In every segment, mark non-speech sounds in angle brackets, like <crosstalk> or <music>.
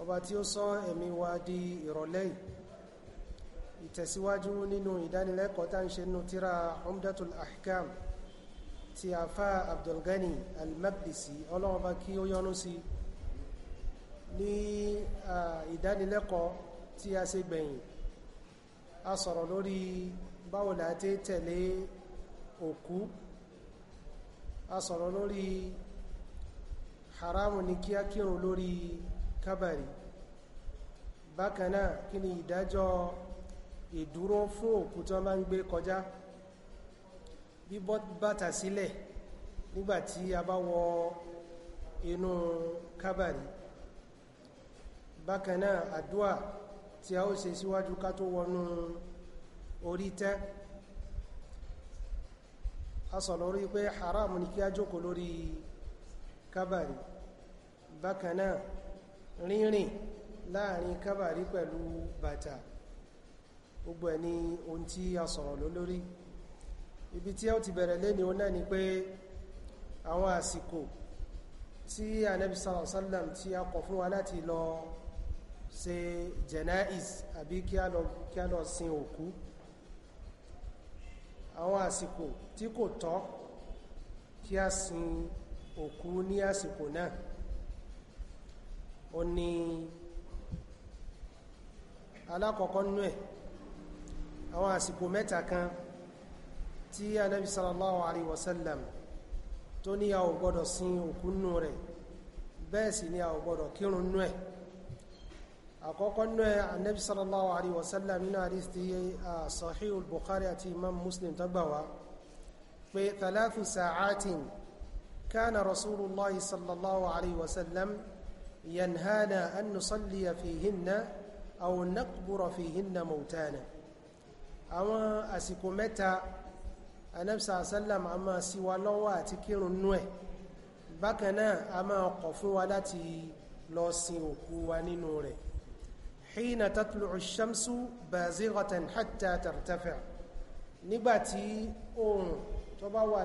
ọba tí ó sọ ẹ̀mí wa di ìrọ̀lẹ́ yìí ìtẹ̀síwájú nínú ìdánilẹ́kọ̀ọ́ tá ń ṣe nínú tíra umdatul ahkam ti afa abdulgani al-maqdisi ọlọ́ọba kí ó yọ́nú sí ní ìdánilẹ́kọ̀ọ́ tí a ṣe gbẹ̀yìn a sọ̀rọ̀ lórí báwo la tẹ̀lé òkú a sọ̀rọ̀ lórí haramu ní kíákírun lórí kábàrí bákanáà kí ni ìdájọ́ ìdúró fún òkú tó máa ń gbé kọjá bíbọ́ bàtà sílẹ̀ nígbàtí a bá wọ inú kábàrí bákanáà àdúà tí a ó ṣe síwájú ká tó wọnú orí tẹ́ a sọ lórí pé haram ni kí a jókòó lórí kábàrí bákanáà rínrìn láàrin kábàrí pẹ̀lú bàtà gbogbo ẹni ohun tí a sọ̀rọ̀ lólórí ibi tí ó ti bẹ̀rẹ̀ lé ní o náà ni pé àwọn àsìkò tí Ànábì sallallahu alaihi wasallam tí a kọ̀ fún wa láti lọ ṣe jẹnáìs àbí kí a lọ sin òkú àwọn àsìkò tí kò tọ́ kí a sin òkú ní àsìkò náà ó ní alákọ̀ọ́kọ́ nú ẹ̀ àwọn àsìkò mẹ́ta kan tí anábi sallallahu alaihi wasallam tó ní a ò gbọ́dọ̀ sin òkú nú rẹ̀ bẹ́ẹ̀ sì ni a ò gbọ́dọ̀ kírun nú ẹ̀ àkọ́kọ́ nú ẹ̀ anábi sallallahu alaihi wasallam nínú hadith tí sahihul bukhari àti imam muslim tó gbà pé thalathu sa'atin kana rasulullahi sallallahu alaihi wasallam ينهانا أن نصلي فيهن أو نقبر فيهن موتانا أما أسكو متى النبي صلى الله عليه وسلم أما سوى الله أتكير النوه بكنا أما قفوا والتي lọ sin òkú wa nínú rẹ̀ hína tatlu ṣamsu bazighatan hatta tartafi nígbàtí oòrùn tó bá wà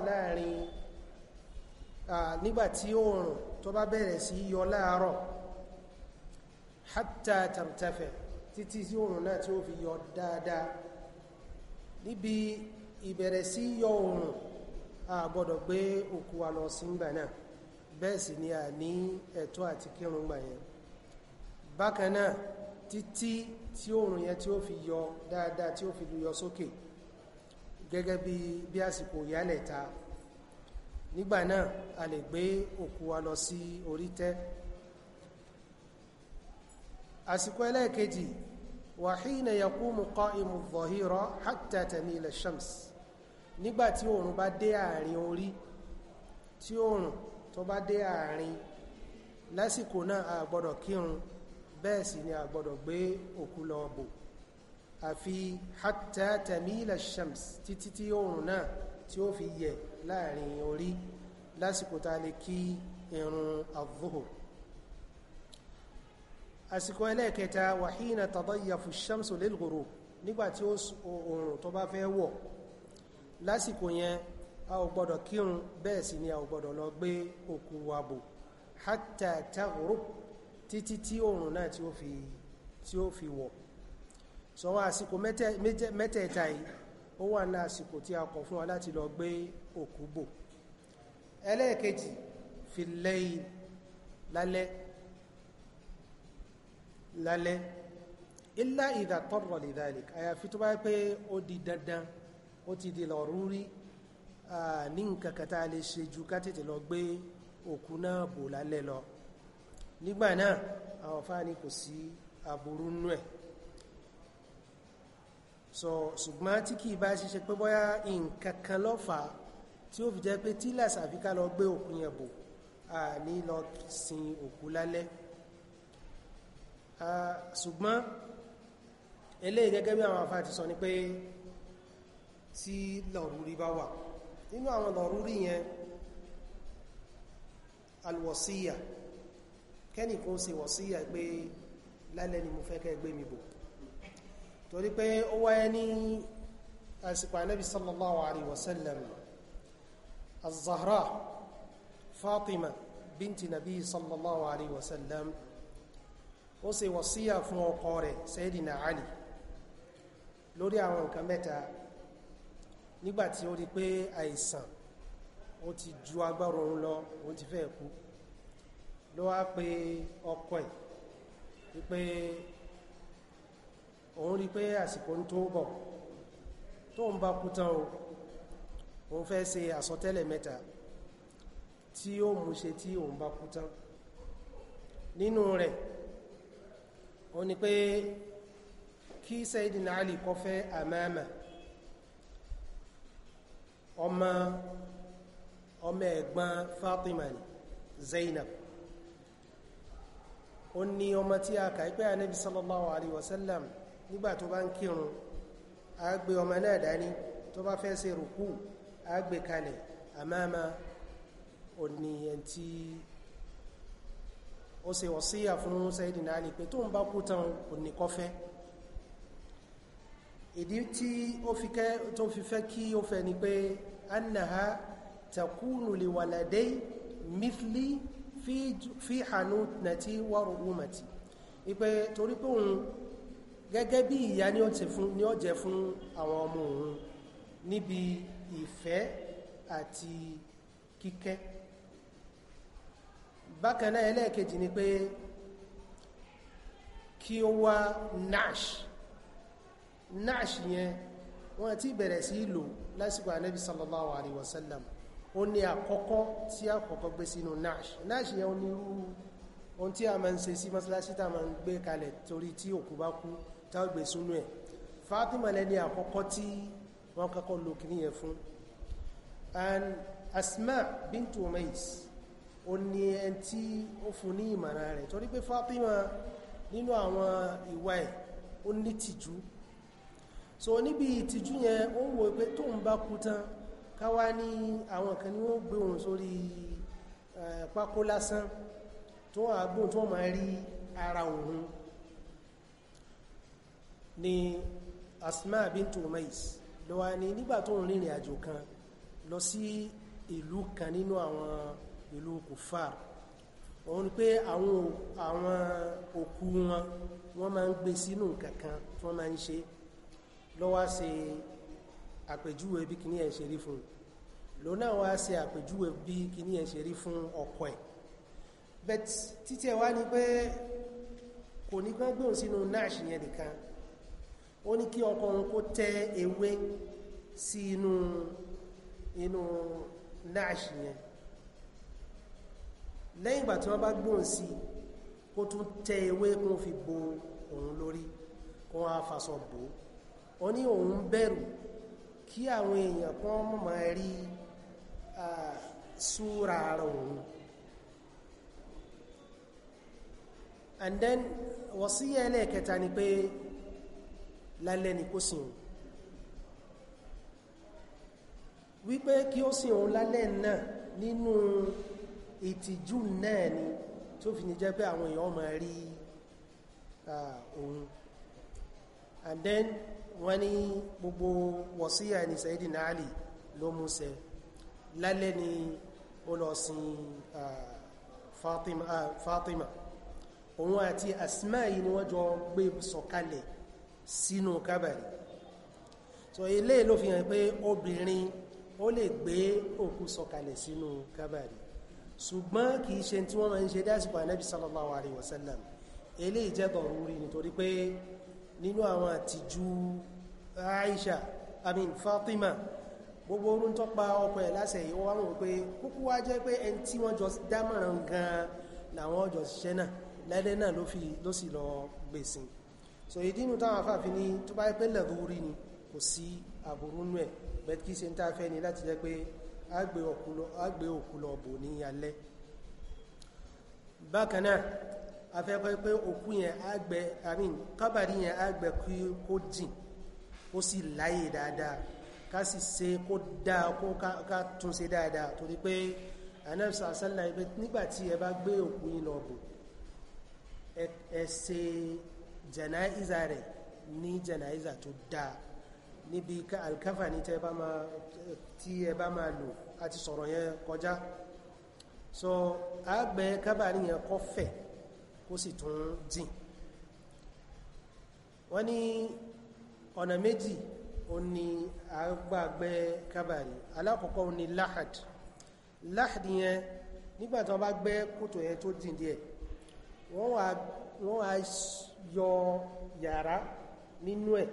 tó bá bẹ̀rẹ̀ sí yọ láàárọ̀ hatta tartafẹ̀ títí sí oòrùn náà tí ó fi yọ dáadáa níbi ìbẹ̀rẹ̀ sí yọ oòrùn a gbọ́dọ̀ gbé òkú wa lọ sí ngbà náà bẹ́ẹ̀ sì ni a ní ẹ̀tọ́ àti kírun gbà yẹn bákan náà títí tí oòrùn yẹn tí ó fi yọ dáadáa tí ó fi yọ sókè gẹ́gẹ́ bí bí àsìkò ìyálẹ̀ta nígbà náà a lè gbé òkú wa lọ sí orí tẹ́ àsìkò ẹlẹ́ẹ̀kejì wàhíìnà yakumu qa'imu dhahira hatta tamila shams nígbà tí oòrùn bá dé àárín orí tí oòrùn tó bá dé àárín lásìkò náà a kírun bẹ́ẹ̀ sì ni a gbé òkú lọ bò àfi hatta tamila shams títí tí oòrùn náà tí ó fi yẹ̀ láàrin orí lásìkò tá lè kí irun àvóhò àsìkò ẹlẹ́ẹ̀kẹta wàhíìnà tàbáyàfù sàmsù lẹ́lgòrò nígbàtí oòrùn tó bá fẹ́ wọ̀ lásìkò yẹn a ò gbọ́dọ̀ kírun bẹ́ẹ̀ sì ni a ò gbọ́dọ̀ lọ gbé òkú wa bò hátà tàgòrò títí tí oòrùn náà tí ó fi tí ó wọ̀ sọ àsìkò mẹ́tẹ̀ẹ̀ta yìí ó wà ní àsìkò tí a kọ̀ fún wa láti lọ gbé òkú bò ẹlẹ́ẹ̀kejì fi lẹ́yìn lálẹ́ lálẹ́ ilá ìdà tọ́rọ̀ lidhalik àyàfi tó bá pé ó di dandan ó ti di lọ́rùrí ní nǹkan kata lè ṣe ju ká tètè lọ gbé òkú náà bò lálẹ́ lọ nígbà náà àwọn fáni kò sí aburú nú ẹ̀ ṣùgbọ́n tí kìí bá ṣiṣẹ́ pé bóyá nǹkan kan ló tí ó fi jẹ́ pé tílàs àfi ká lọ gbé òkú yẹn bò a ní lọ sin òkú lálẹ́ ṣùgbọ́n eléyìí gẹ́gẹ́ bí àwọn afáà ti sọ ni pé tí lọ̀rúrí bá wà nínú àwọn lọ̀rúrí yẹn alwọ̀síyà kẹ́nìkan ṣe wọ̀síyà pé lálẹ́ ni mo fẹ́ kẹ́ gbé mi bò torí pé ó wáyé ní àsìkò ànábì sallallahu alaihi wasallam الزهراء فاطمة بنت النبي صلى الله عليه وسلم وسي وصية فوقوري سيدنا علي لوري àwọn nǹkan mẹ́ta nígbàtí ó rí pé àìsàn ó ti ju agbára òun lọ òun ti fẹ́ kú ló wá pé ọkọ ẹ̀ wípé òun rí pé àsìkò ń tó bọ̀ tóun bá kú tán o òun fẹ́ ṣe àsọtẹ́lẹ̀ mẹ́ta tí ó mú ṣe tí òun bá kú tán nínú rẹ̀ ó ní pé kí Sayyidina Ali kó fẹ́ Amama ọmọ ọmọ ẹ̀gbọ́n Fatima ni Zainab ó ní ọmọ tí a kà pé Ànábì sallallahu alaihi wasallam nígbà tó bá ń kírun a gbé ọmọ náà dání tó bá fẹ́ ṣe rùkú àgbékalẹ̀ àmàmà òní ẹn tí ó ṣe wọ̀síyà fún Sayyidina Ali pé tó ń bá kú tán òní kọfẹ́ ìdí tí ó fi kẹ́ tó fi fẹ́ kí ó fẹ́ ni pé annaha takunu li waladai mithli fi hanutnati wa ru'umati ipe torí pé òun gẹ́gẹ́ bí ìyá ni ó jẹ fún àwọn ọmọ òun níbi ìfẹ́ àti kíkẹ́ bákan náà ẹlẹ́ẹ̀kejì ni pé kí ó wá nash nash yẹn wọ́n ti bẹ̀rẹ̀ sí lò lásìkò ànábì sallallahu alaihi wasallam ó ní àkọ́kọ́ tí àkọ́kọ́ gbé sínú nash nash yẹn ó ní irú ohun tí a máa ń ṣe sí mọ́sálásí tá a máa ń gbé kalẹ̀ torí tí òkú bá kú tá gbé sínú ẹ̀ Fatima lẹ́ni àkọ́kọ́ tí wọ́n kọ́kọ́ lo kìíní yẹn fún and Asma bintu Umais ó ní ẹn tí ó fún ní ìmọ̀ràn rẹ̀ torí pé Fatima nínú àwọn ìwà ẹ̀ ó ní tìjú so níbi ìtìjú yẹn ó wò pé tóun bá kú tán káwá ní àwọn kan ni wọ́n gbé òun sórí pákó lásán tó àgbóhùn tó máa rí ara òun ni Asma bintu Umais ló wá ní nígbà tó ń rìnrìn àjò kan lọ sí ìlú kan nínú àwọn ìlú kùfàr òun pé àwọn àwọn òkú wọn wọ́n máa ń gbé sínú nǹkan kan tí wọ́n máa ń ṣe ló wá ṣe àpèjúwe bí kìíní ẹ̀ ṣe rí fún un ló náà wá ṣe àpèjúwe bí kìíní ẹ̀ ṣe rí fún ọkọ ẹ̀ bẹ́ẹ̀ títí ẹ̀ wá ní pé kò ní kán gbóhùn sínú náà ṣìyẹn nìkan ó ní kí ọkọ òun kó tẹ ewé sí inú inú náàṣì yẹn lẹ́yìn ìgbà tí wọ́n bá gbóhùn sí kó tún tẹ ewé kún fi bo òun lórí kó wọ́n á fasọ bò ó ní òun bẹ̀rù kí àwọn èèyàn kan mọ̀ rí súra ara òun and then wọ́síyẹ́ ẹlẹ́ẹ̀kẹta ni pé lálẹ́ ni kó sìn òun wípé kí ó sìn òun lálẹ́ náà nínú ìtìjú náà ni tó fi ní jẹ́ pé àwọn èèyàn máa rí òun and then wọ́n ní gbogbo wọ̀síyà ní Sayyidina Ali ló mú ṣẹ lálẹ́ ni ó lọ sin Fatima òun àti Asma yìí ni wọ́n jọ gbé sọ̀kalẹ̀ so sínú kábàrí so ilé ló fi hàn pé obìnrin ó lè gbé òkú sọ̀kalẹ̀ sínú kábàrí ṣùgbọ́n kì í ṣe tí wọ́n máa ń ṣe dásìkò anábì sallallahu alaihi wasallam ilé ìjẹ́bọ̀ rúrí nítorí pé nínú àwọn àtijú Aisha amin Fatima gbogbo orun tó pa ọkọ ẹ̀ lásẹ̀ yìí wọ́n wọ́n pé kúkú wá jẹ́ pé ẹni tí wọ́n jọ dámọ̀ràn gan-an làwọn ọjọ́ ṣiṣẹ́ náà lẹ́lẹ́ náà ló sì lọ gbèsìn e so ìdínú táwọn afáàfin ní tó bá pẹ́ lẹ́rúurí ni kò sí àbúrú nú ẹ̀ bẹ́ẹ̀ kí ṣe ń tàfẹ́ ni láti jẹ́ pé àgbé òkú lọ bò ní alẹ́ bákan náà afẹ́kọ́ pé òkú yẹn àgbẹ̀ àmín kábàrí yẹn àgbẹ̀ kí kó jìn kó sì láyè dáadáa ká sì ṣe kó dáa kó ká tún ṣe dáadáa torí pé anẹ́bùsà sálà ìgbẹ́ nígbàtí ẹ bá gbé òkú yìí lọ bò ẹ se jẹ̀náìzà rẹ̀ ní jẹ̀náìzà tó dáa níbi alkafa ní tí ẹ bá máa lò àti sọ̀rọ̀ yẹn kọjá so àgbẹ̀ kábà níyẹn kọ́ fẹ̀ kó sì tún jìn wọ́n ní ọ̀nà méjì ó ní àgbàgbẹ́ kábàrí alákọ̀ọ́kọ́ ó ní láhàd láhàd yẹn nígbàtí wọ́n bá gbẹ́ kòtò yẹn tó dìndí ẹ̀ wọ́n wá yọ yàrá nínú ẹ̀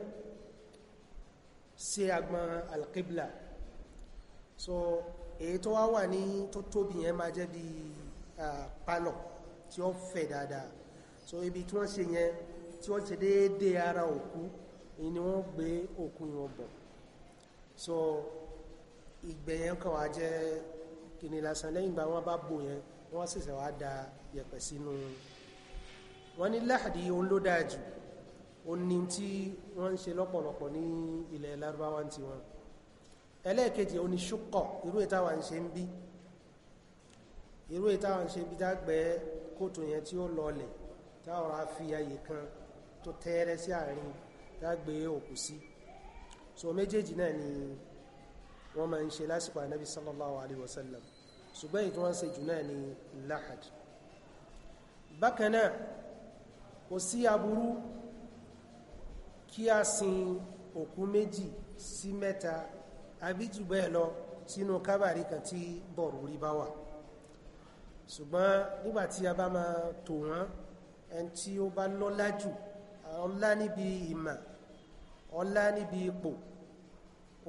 sí agbọn alqibla so èyí tó wá wà ní tó tóbi yẹn máa jẹ́ bí pálọ̀ tí ó fẹ̀ dáadáa so ibi tí wọ́n ṣe yẹn tí wọ́n ṣe déédé ara òkú ni wọ́n gbé òkú yẹn bọ̀ so ìgbẹ̀yẹn kan wá jẹ́ kìnnìlásán lẹ́yìn ìgbà wọ́n bá bò yẹn wọ́n ṣẹ̀ṣẹ̀ wá da yẹ̀pẹ̀ sínú wọ́n ní láhàdì òun ló dáa jù òun ni tí wọ́n ń ṣe lọ́pọ̀lọpọ̀ ní ilẹ̀ lárúbáwá ti wọn ẹlẹ́ẹ̀kejì òun ni ṣúkọ̀ irú ìtawà ń ṣe ń bí irú ìtawà ń ṣe ń bí dágbẹ́ kóòtù yẹn tí ó lọlẹ̀ táwọn á fi kan tó tẹ́ẹ́rẹ́ sí àárín dágbẹ́ òkú sí so méjèèjì náà ni wọ́n máa ń ṣe lásìkò ànábì sallallahu alaihi wasallam ṣùgbọ́n ìtún wọ́n ṣe jù náà ni láhàdì bákan náà kò sí aburú kí a sin òkú méjì sí mẹ́ta àbí jù bẹ́ẹ̀ lọ sínú kábàrí kan tí bọ̀rù rí bá wà ṣùgbọ́n nígbàtí a bá máa tò wọ́n ẹni tí ó bá lọ́lá jù ọlá níbi ìmà ọlá níbi ipò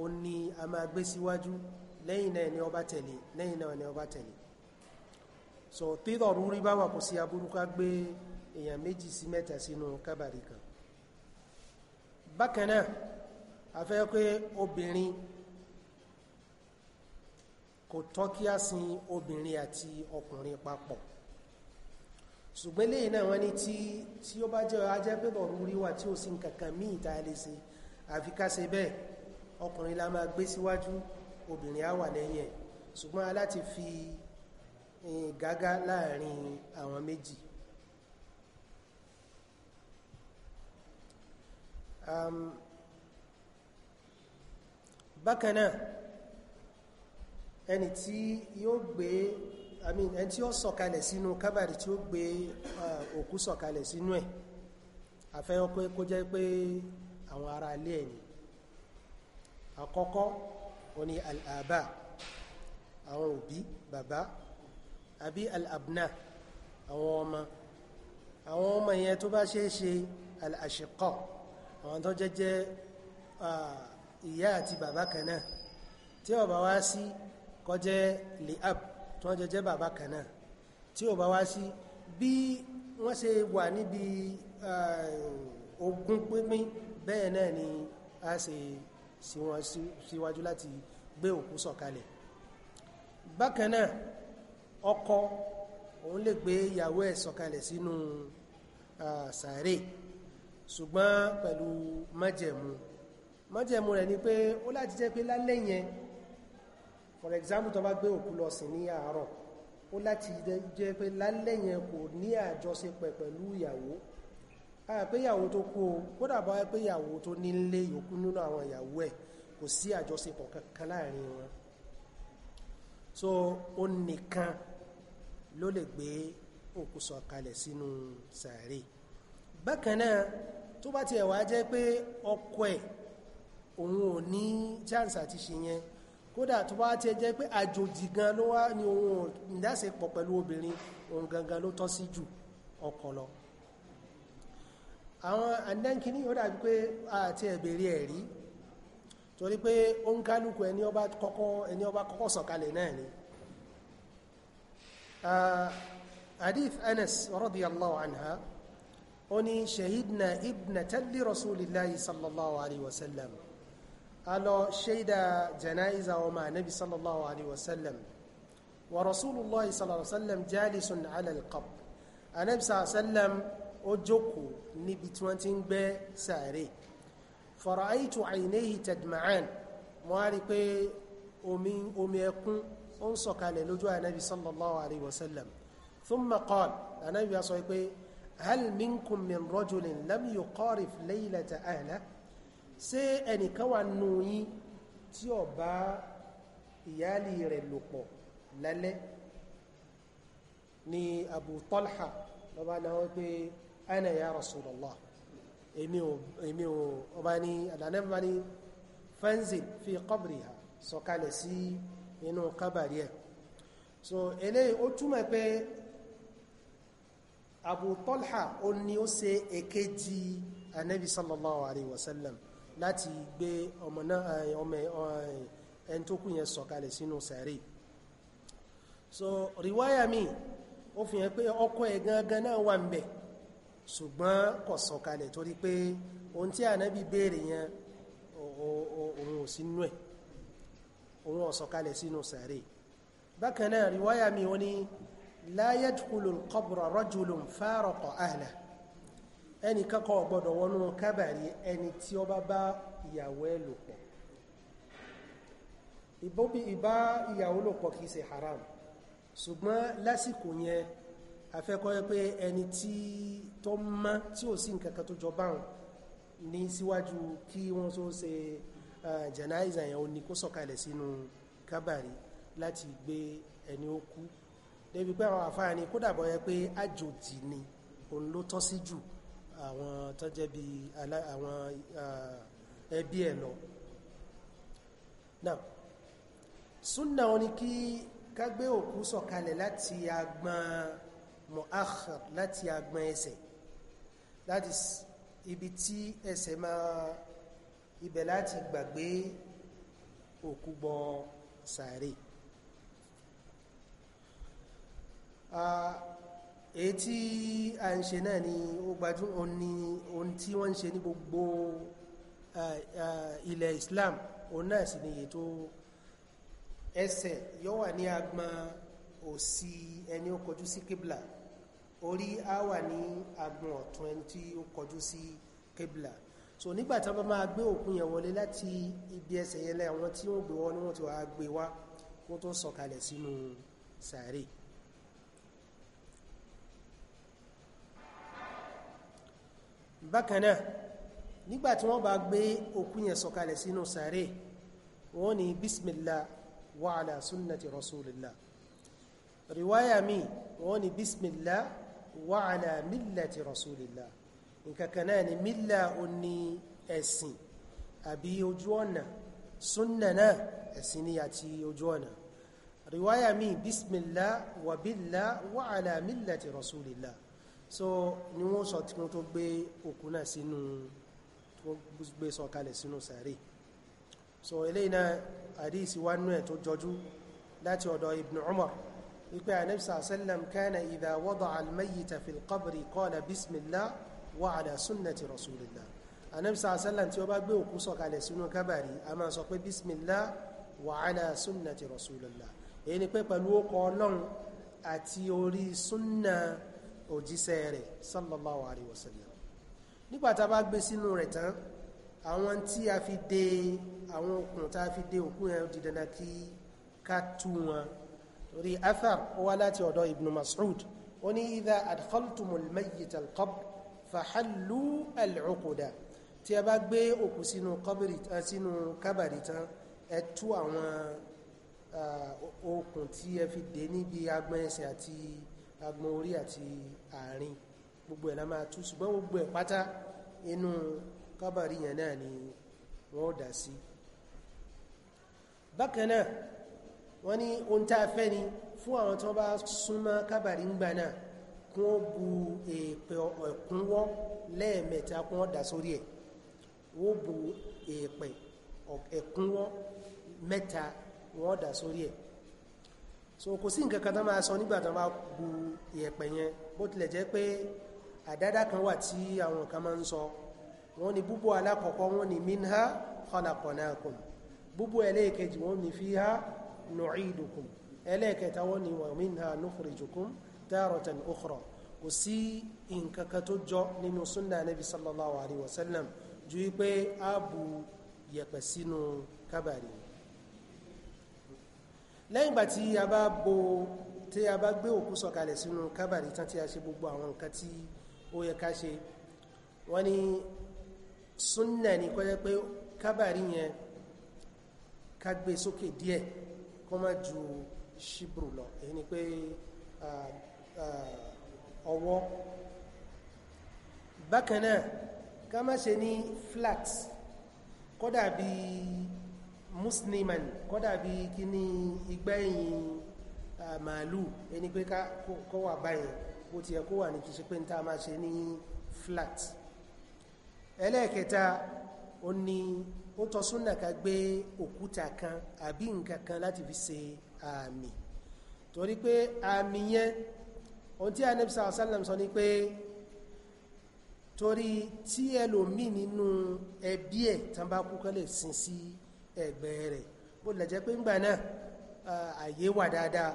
ó ní a máa gbé síwájú lẹ́yìn náà ni ọba tẹ̀lé lẹ́yìn náà ni ọba tẹ̀lé so tí dọ̀rú rí bá wà kò sí aburú ká gbé èèyàn méjì sí mẹ́ta sínú kábàrí kan bákan náà a fẹ́ pé obìnrin kò tọ́ kí a sin obìnrin àti ọkùnrin papọ̀ ṣùgbọ́n lẹ́yìn náà wọ́n ní tí tí ó bá jẹ́ ajẹ́ pé bọ̀rú wà tí ó sì ń kankan míì tá a lè ṣe àfi ká bẹ́ẹ̀ ọkùnrin la máa gbé síwájú obìnrin á wà lẹ́yìn ẹ̀ ṣùgbọ́n aláti fi eh, gágá láàrin àwọn méjì Um, bákan náà ẹni tí yóò gbé mean ẹni tí ó sọ̀kalẹ̀ sínú kábàrí tí ó gbé uh, òkú sọ̀kalẹ̀ sínú ẹ̀ àfẹ́yàn pé kó jẹ́ pé àwọn ará ilé ẹ̀ ni àkọ́kọ́ ó ní àwọn òbí bàbá àbí al àwọn ọmọ àwọn ọmọ yẹn tó bá ṣeé ṣe al àwọn tó jẹ́jẹ́ ìyá àti bàbá kan náà tí ó wá sí kó jẹ́ li'ab tó jẹ́jẹ́ bàbá kan náà tí ó bá wá sí bí wọ́n ṣe wà níbi ogún pínpín bẹ́ẹ̀ náà ni a ṣe sí wọn síwájú láti gbé òkú sọ̀kalẹ̀ bákan náà ọkọ òun lè gbé ìyàwó ẹ̀ sọ̀kalẹ̀ sínú sàárè uh, ṣùgbọ́n pẹ̀lú májẹ̀mú májẹ̀mú rẹ̀ ni pé ó láti jẹ́ pé lálẹ́ yẹn for example tó bá gbé òkú lọ sí ní àárọ̀ ó láti jẹ́ pé lálẹ́ yẹn kò ní àjọṣepẹ̀ pẹ̀lú ìyàwó àpéyàwó tó kú o kódà bá péyàwó tó nílé yòókù nínú àwọn ìyàwó ẹ̀ kò sí àjọṣepọ̀ kankan láàrin wọn so ó nìkan ló lè gbé òkú sọ̀kalẹ̀ sínú sàárè so, bákanáà tó bá ti ẹ̀wà jẹ́ pé ọkọ ẹ̀ òun ò ní chance àti ṣe yẹn kódà tó bá ti jẹ́ pé àjòjì gan ló wá ní ohun ìdásẹ̀pọ̀ pẹ̀lú obìnrin òun gangan ló tọ́ sí jù ọkọ lọ àwọn àdánkíní ó dàbí pé àti ẹ̀bẹ̀rí ẹ̀rí torí pé ó ń kálùkù ẹni ọba kọ́kọ́ ẹni ọba kọ́kọ́ sọ̀kalẹ̀ náà ni ah, hadith Anas radiyallahu anha ó ní shahidna ibnatan li rasulillahi sallallahu alaihi wasallam a lọ shaida jana'iza ọmọ anabi sallallahu alaihi wasallam wa rasulullahi sallallahu alaihi wasallam jalisun ala alqab anabi sallallahu alaihi wasallam ó jókòó níbi tí wọ́n ti ń gbẹ́ sàárè fara'aitu àìnéhì tadma'an wọ́n rí pé omi ẹkún ó ń sọ̀kalẹ̀ lójú anabi sallallahu alaihi wasallam thumma qala anabi a sọ hal minkum min rajulin lam yuqarif laylata ahla ṣé ẹnìkan wà nù yín tí ó bá ìyáàlì rẹ̀ lòpọ̀ lálẹ́ ni Abu Talha lọ́ba náà wọ́n pé ana ya Rasulullah èmi ò èmi ò ọba ní àdánẹ́bà ní fanzil fi qabriha sọ̀kalẹ̀ sí inú kábàrí ẹ̀ so eléyìí ó túmọ̀ pé abu talha ó ní ó ṣe èkejì anabi sallallahu alayhi wa sallam láti gbé ọmọ náà eh, ọmọ eh, ẹni tó kú yẹn sọ̀kalẹ̀ sínú sàárè so riwaya mi ó fi hàn pé ọkọ ẹ̀ gangan náà wà ń bẹ̀ ṣùgbọ́n kò sọ̀kalẹ̀ torí pé ohun tí ànábì béèrè yẹn òun ò sí nú ẹ̀ òun ò sínú sàárè bákan riwaya mi ó ní la yadkhulu al-qabra rajulun faraqa ahla ẹni kankan ò gbọdọ̀ wọnú kábàrí ẹni tí ó bá bá ìyàwó ẹ̀ lò pọ̀ ìbóbi ìbá ìyàwó lò pọ̀ kìí ṣe haram ṣùgbọ́n lásìkò yẹn afẹ́kọ́ yẹ pé ẹni tí tó mọ́ tí ò sí nǹkan kan tó jọ báhùn ní síwájú kí wọ́n tó ṣe jẹ̀náìzà yẹn ó ní kó sọ̀kalẹ̀ sínú kábàrí láti gbé ẹni débi pé àwọn àfáà ni kódà bọ́ yẹ pé àjòjì ni òun ló tọ́ sí jù àwọn tó jẹ́ bí àwọn ẹbí ẹ̀ lọ súnà wọn ni kí ká òkú sọ̀kalẹ̀ láti agbọn mu'akhir láti agbọn ẹsẹ̀ láti ibi tí ẹsẹ̀ máa ibẹ̀ láti gbàgbé òkú bọ sàárè èyí tí a ń ṣe náà ni ó gbajú òní ohun tí wọ́n ń ṣe ní gbogbo ilẹ̀ Islam òun náà sì ni ètò ẹsẹ̀ yóò wà ní agbọn òsì ẹni ó kọjú sí kébìlà orí á wà ní agbọn ọ̀tún ẹni tí ó kọjú sí kébìlà so nígbà tí wọ́n máa gbé òkú yẹn wọlé láti ibi ẹsẹ̀ yẹn lẹ́yìn àwọn tí wọ́n gbé wọn ni wọ́n ti wá gbé wá wọ́n tó sọ̀kalẹ̀ sínú sàárè bákanáà nígbàtí wọ́n bá gbé òkú yẹn sọ̀kalẹ̀ sínú sàárè wọ́n ní bismillah wa ala sunnati rasulillah riwaya mi wọ́n ní bismillah wa ala millati rasulillah nkankan náà ni milla ó ní ẹ̀sìn àbí ojú ọ̀nà sunna náà ẹ̀sìn ni àti ojú ọ̀nà riwaya mi bismillah wa billah wa ala millati rasulillah so ni wọ́n sọ tí wọ́n tó gbé òkú náà sínú tó gbé sọ kalẹ̀ sínú sàárè so eléyìí náà àdíìsí wá nú ẹ̀ tó jọjú láti ọ̀dọ̀ ibn umar wípé anabisa sallam kana idha wada almayita fil qabri qala bismillah wa ala sunnati rasulillah anabisa sallam tí ó bá gbé òkú sọ kalẹ̀ sínú kábàrí a máa sọ pé bismillah wa ala sunnati rasulillah èyí ni pé pẹ̀lú ó kọ ọlọ́run àti orí sunnah òjíṣẹ́ rẹ̀ sallallahu alayhi wa sallam nígbà tá a bá gbé sínú rẹ̀ tán àwọn tí a fi dé àwọn okùn tá a fi dé òkú yẹn di dandan kí ká tú wọn torí athar ó wá láti ọ̀dọ̀ ibn mas'ud ó ní idha adkhaltumul mayyita al-qabr fahallu àwọn ah, okùn tí ẹ fi dé níbi agbọn àti agbọn orí àti àárín gbogbo ẹ̀ la máa tú ṣùgbọ́n gbogbo ẹ̀ pátá inú kábàrí yẹn náà ni wọ́n dà sí bákan náà wọ́n ní ohun tá a fẹ́ ni fún àwọn tó bá súnmọ́ kábàrí ń gbà náà kí wọ́n bu ẹ̀kúnwọ́ lẹ́ẹ̀mẹ́ta kí wọ́n dà sórí ẹ̀ wọ́n bu ẹ̀kúnwọ́ mẹ́ta wọ́n dà sórí ẹ̀ so kò sí nǹkan kan tó máa sọ nígbà tó máa bu ìyẹ̀pẹ̀ yẹn bó tilẹ̀ jẹ́ pé àdádá kan wà tí àwọn kan máa ń sọ wọ́n ní búbú alákọ̀ọ́kọ́ wọ́n ní minha khalaqnakum búbú ẹlẹ́ẹ̀kejì wọ́n ní fiha nu'idukum ẹlẹ́ẹ̀kẹta wọ́n ní wa minha nukhrijukum taratan ukhra kò sí nǹkan kan tó jọ nínú sunna nabi sallallahu alaihi wasallam ju wípé a bu yẹ̀pẹ̀ sínú kábàrí yìí lẹ́yìn ìgbà tí a bá bo tí a bá gbé òkú sọ̀kalẹ̀ sínú kábàrí tán tí a ṣe gbogbo àwọn nǹkan tí ó yẹ ká ṣe wọ́n ní súnnà ní kó pé kábàrí yẹn ká gbé sókè díẹ̀ kó má ju ṣíbrù lọ èyí ni pé ọwọ́ bákan náà ká má ṣe ní flat kódà bíi musliman kọ́dà bí kí ní igbẹ́yìn màálù ẹni pé kọ́ wà báyìí bó ti yẹ kó wà ní kìí ṣe pé ní tá máa ṣe ní flat ẹlẹ́ẹ̀kẹta ó ní ó tọ́ súnà ká gbé òkúta kan àbí nǹkan kan láti fi ṣe àmì torí pé àmì yẹn ohun tí Ànábì sallam sọ ni pé torí tí ẹlòmíì nínú ẹbí ẹ̀ tán bá kú kán lè sin sí ẹ̀gbẹ́ rẹ̀ bó lè jẹ́ pé ń gbà náà àyè wà dáadáa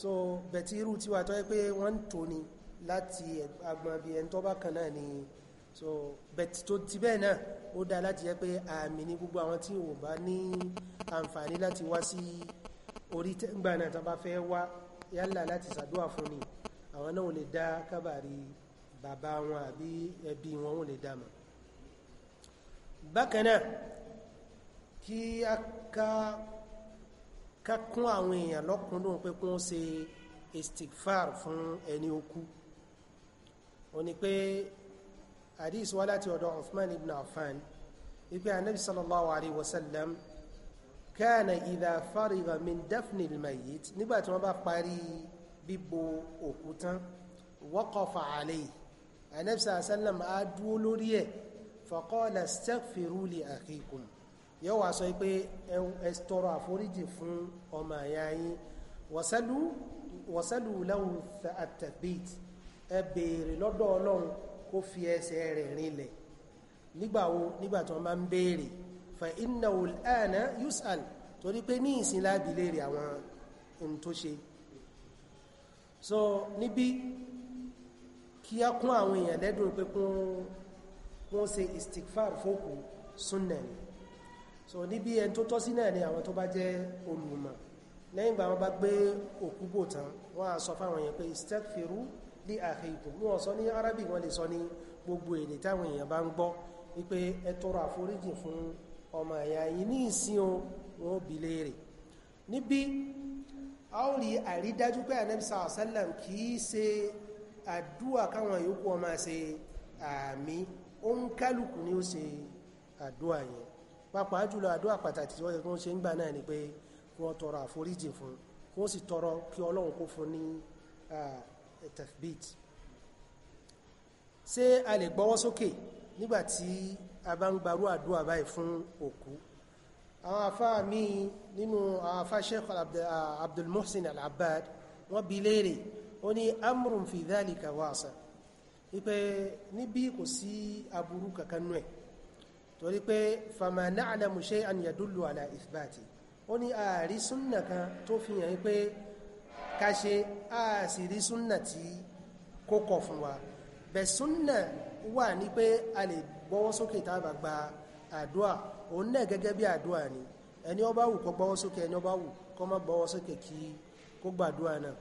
so bẹ̀tí irú tí wà tó yẹ pé wọ́n ń tò láti agbọn bí ẹni tó bá kan náà ni so bẹ̀tí tó ti bẹ́ẹ̀ náà ó dá láti jẹ́ pé àmì ní gbogbo àwọn tí ò bá ní àǹfààní láti wá sí orí tẹ́gbà náà tó bá fẹ́ wá yálà láti ṣàdúrà fún ni àwọn náà ò lè dá kábàárí bàbá wọn àbí ẹbí wọn ò lè dá mọ̀ bákan náà kí a ká ká kún àwọn èèyàn lọ́kùn lóhun pé kún ṣe istikfar fún ẹni okú o ni pé hadith wá láti ọ̀dọ̀ Uthman ibn Affan wípé anabi sallallahu alaihi wasallam kana idha fariga min dafni al-mayyit nígbàtí wọ́n bá parí bíbo òkú waqafa alayhi anabi sallallahu alaihi wasallam á dúó lórí ẹ̀ faqala astaghfiru li akhikum yóò wá sọ pé ẹ tọrọ àforíjì fún ọmọ àyà yín wọ́sẹ́lú wọ́sẹ́lú lẹ́hùn àtẹ̀bìt ẹ béèrè lọ́dọ̀ ọlọ́run kó fi ẹsẹ̀ rẹ̀ rinlẹ̀ nígbà wo nígbà tí wọ́n bá ń béèrè fa inna ul'ana yus'al torí pé ní ìsin láàbí léèrè àwọn ohun tó ṣe so níbi kí á kún àwọn èèyàn lẹ́dùn pé kún wọ́n ṣe fókù súnnà so níbi ẹni tó tọ́ sí náà ni àwọn tó bá jẹ́ olùmọ̀ lẹ́yìn ìgbà wọn bá gbé òkú bò tán wọ́n á sọ fáwọn èèyàn pé istakfiru li akhikum ní wọ́n sọ ní arabi wọ́n lè sọ ní gbogbo èdè táwọn èèyàn bá ń gbọ́ wípé ẹ tọrọ àforíjì fún ọmọ ẹ̀yà yìí ní ìsìn wọn bí léèrè níbi a ó rí àrídájú pé anẹ́bísà ọ̀sẹ́lẹ̀m kì í ṣe àdúà káwọn yòókù ọmọ ṣe àmì ó ń kálukú ni ó ṣe àdúà yẹn pàápàá jùlọ àdúrà pàtàkì tí wọ́n ṣe tó ń ṣe ń gbà náà ni pé kí wọ́n tọrọ àforíjì fún kí wọ́n sì tọrọ kí ọlọ́run kó fún ní tafbit ṣé a lè gbọ́wọ́ sókè nígbà a bá ń gbarú àdúrà báyìí fún òkú àwọn afá mi nínú àwọn afá sheikh abdul muhsin al abad wọ́n bi léèrè ó ní amrun fi dhalika wasa wípé níbí kò sí aburú kankan nù ẹ̀ torí pé fama na'lamu shay'an yadullu ala ithbati ó ní ààrí súnnà kan tó fi hàn pé ká ṣe ààsìrí súnnà tí kó kọ̀ fún wa bẹ̀ súnnà wà ní pé a lè gbọ́wọ́ sókè tábà gba àdúà òun náà gẹ́gẹ́ bí àdúà ni ẹni ó bá wù kó gbọ́wọ́ sókè ẹni ó wù kó má gbọ́wọ́ sókè kí kó gbàdúà náà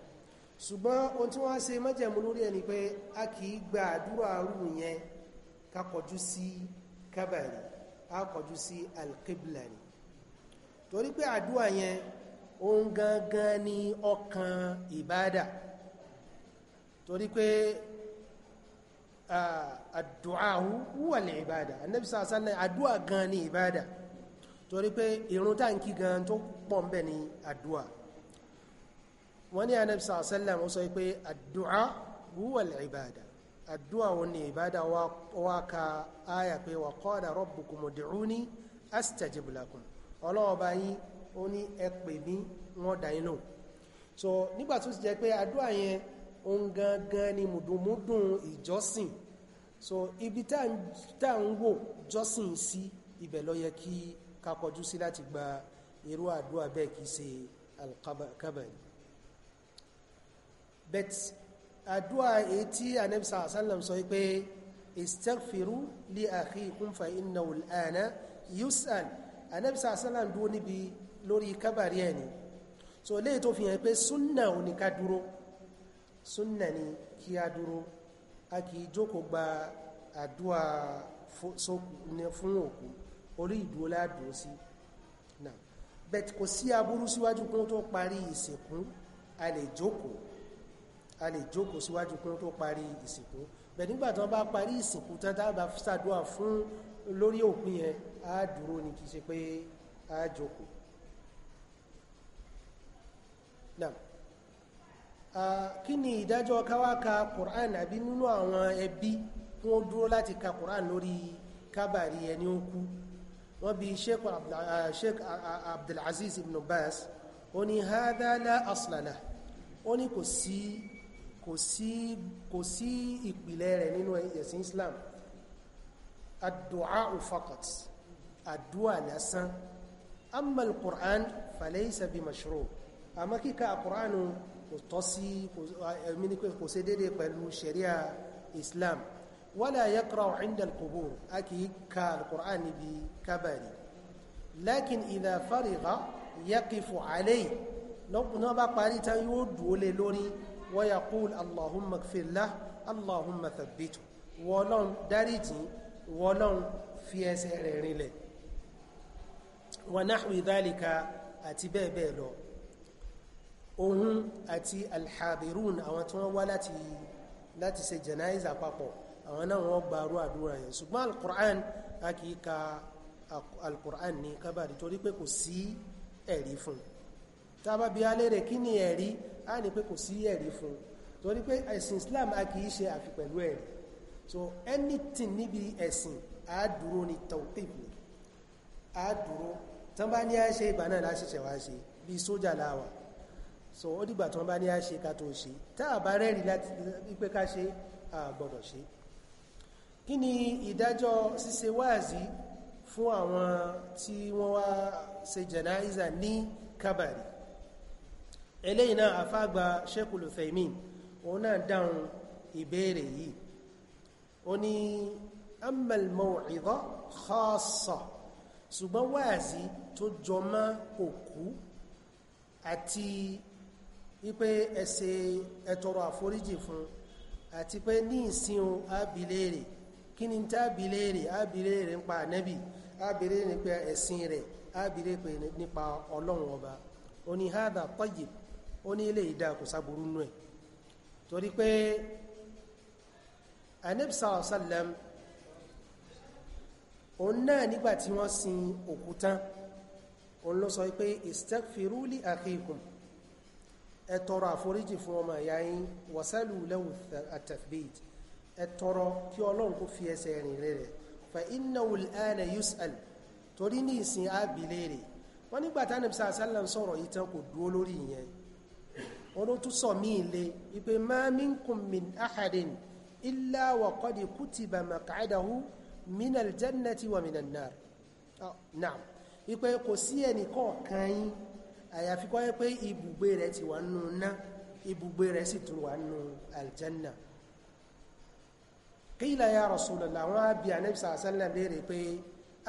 ṣùgbọ́n ohun tí wọ́n ṣe májẹ̀mú lórí ẹni pé a kì í gba àdúrà arú yẹn ká sí kábàrí á kọjú sí alqibla ni torí pé àdúrà yẹn òun gangan ni ọkàn ìbádà torí pé àdúrà wúwà lè ìbádà Ànábì sallallahu alaihi wasallam àdúrà gan ni ìbádà torí pé ìrun táǹkì gan tó pọ̀ ń ni àdúrà wọ́n ní Ànábì sallallahu alaihi sọ pé àdúrà wúwà lè ìbádà àdúrà wọn ni ìbádà wá ka áyà pé wà qala rabbukum ud'uni astajib lakum ọlọ́ọ̀bá yín ó ní ẹ pè mí wọ́n dá yín so nígbà tó ti jẹ́ pé àdúrà yẹn òun gangan ni mùdùnmúdùn ìjọsìn so ibi tá ń wò jọsìn sí ibẹ̀ ló yẹ kí ká kọjú sí láti gba irú àdúrà bẹ́ẹ̀ kìí ṣe alkabari bet àdúwà ètí anẹ́bìsà àsálàm sọ pé istaghfiru li akhikum fa innahu al'ana yus'al anẹ́bìsà àsálàm dúró níbi lórí kábàrí ẹni so lè tó fi hàn pé súnnà ní ká dúró súnnà ní kí a dúró a kì í jókòó gba àdúwà fún òkú orí ìdúró ládùú sí bẹ̀t kò sí aburú síwájú kún tó parí ìsìnkú a lè jókòó a lè jókòó síwájú pé ó tó parí ìsìnkú bẹ́ẹ̀ nígbà tí wọ́n bá parí ìsìnkú tán tá a bá ṣàdúrà fún lórí òpin yẹn á dúró ni kì í ṣe pé á jókòó náà kí ni ìdájọ́ káwá ka Qur'an àbí nínú àwọn ẹbí kí wọ́n dúró láti ka Qur'an lórí kábàrí ẹni ó kú wọ́n bi Sheikh Abdulaziz ibn Baz ó ní ó ní kò sí kò sí kò sí ìpìlẹ̀ rẹ̀ nínú ẹ̀sìn Islam àdùá òfakọ̀t àdùá lásán amma al-Qur'an falaysa bi mashru àmá kíkà al-Qur'an kò tọ́ sí kò ṣe dédé pẹ̀lú sharia Islam wala yaqra'u 'inda al-qubur a kì í ka al-Qur'an níbi kábàrí lakin idha farigha yaqifu alayhi lọ́pùn náà bá parí tán yóò dúó lé lórí ويقول اللهم اغفر له اللهم ثبته ولون داريتي ولون في سيرين ونحو ذلك أتبه بيلو ohun àti alhabirun àwọn tí wọ́n wá láti láti ṣe jẹnáìzà papọ̀ àwọn náà wọ́n gbarú àdúrà yẹn ṣùgbọ́n alkùrán a kìí ka alkùrán ní kábàdì torí pé kò sí ẹ̀rí fún tàbábí alẹ́rẹ̀ kí ni ẹ̀rí á ní pé kò sí ẹ̀rí fún torí pé ẹ̀sìn Islam a kìí ṣe àfi pẹ̀lú ẹ̀rí so anything níbi ẹ̀sìn a dúró ní tawqif ni á dúró tán bá ní á ṣe ìgbà náà láṣẹ̀ṣẹ̀ wá ṣe bí sójà láwà so ó dìgbà tán bá ní á ṣe ká tó ṣe tá a bá rẹ́rìí láti pé ká ṣe a gbọ́dọ̀ ṣe kí ni ìdájọ́ ṣíṣe wáàzí fún àwọn tí wọ́n wá ṣe jẹ̀náìzà ní kábàrí eléyìí náà àfáàgbà Sheikhul Uthaymin òun náà dáhùn ìbéèrè yìí ó ní amma al-maw'idha khassa ṣùgbọ́n wáàzí tó jọmọ́ òkú àti wípé ẹsẹ ẹtọrọ àforíjì fún àti pé ní ìsìn ábìlérè kí ni tí ábìlérè ábìlérè ń pa ànẹ́bì ábìlérè nípa ẹ̀sìn rẹ̀ ábìlérè nípa ọlọ́run ọba oníhádà tayyib ó ní ilé ìdá kò sáburú nú ẹ̀ torí pé anibisa ọ̀sálẹ̀m òun náà nígbà tí wọ́n sin òkú tán òun ló sọ pé istakfiruli akhikum ẹ tọrọ àforíjì fún ọmọ ìyá yín wasalu lahu at-tathbit kí ọlọ́run kó fi ẹsẹ̀ rìn rẹ̀ fa innahu al-ana yus'al torí ní ìsìn ábìlẹ̀ rẹ̀ wọ́n nígbà tí sọ̀rọ̀ yìí tán kò dúó lórí ìyẹn olótúsọ míì le wípé ma minkum min ahadin illa wa qad kutiba maq'adahu min aljannati wa min annar naam wípé kò sí ẹnì kọ̀ọ̀kan yín àyàfi kọ́ pé ibùgbé rẹ̀ ti wà nù ná ibùgbé rẹ̀ sì tún wà nù aljanna qila ya rasulallah àwọn àbí anabi sallam léèrè pé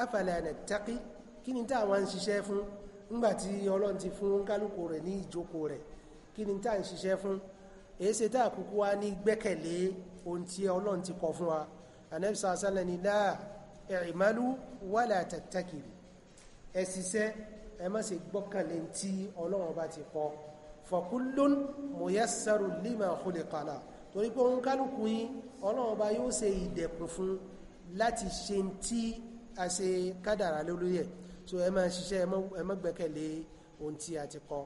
afala nattaqi kí ni táwọn ń ṣiṣẹ́ fún ńgbàtí ọlọ́run ti fún kálukú rẹ̀ ní ìjókòó rẹ̀ kí ni tá à ń ṣiṣẹ́ fún èéṣe tá àkókò wa ní gbẹ́kẹ̀lé ohun tí ọlọ́run ti kọ fún wa anabi sàásánlẹ̀ ni láà i'malu wala tattakilu ẹ ṣiṣẹ́ ẹ má ṣe gbọ́kànlé tí ọlọ́run bá ti kọ fa kullun muyassaru lima khuliqa la torí pé òun kálukú yín ọlọ́run ọba yóò ṣe ìdẹ̀kùn fún láti ṣe tí a ṣe kádàrá lórí ẹ̀ so ẹ máa ṣiṣẹ́ ẹ má gbẹ́kẹ̀lé ohun tí a ti kọ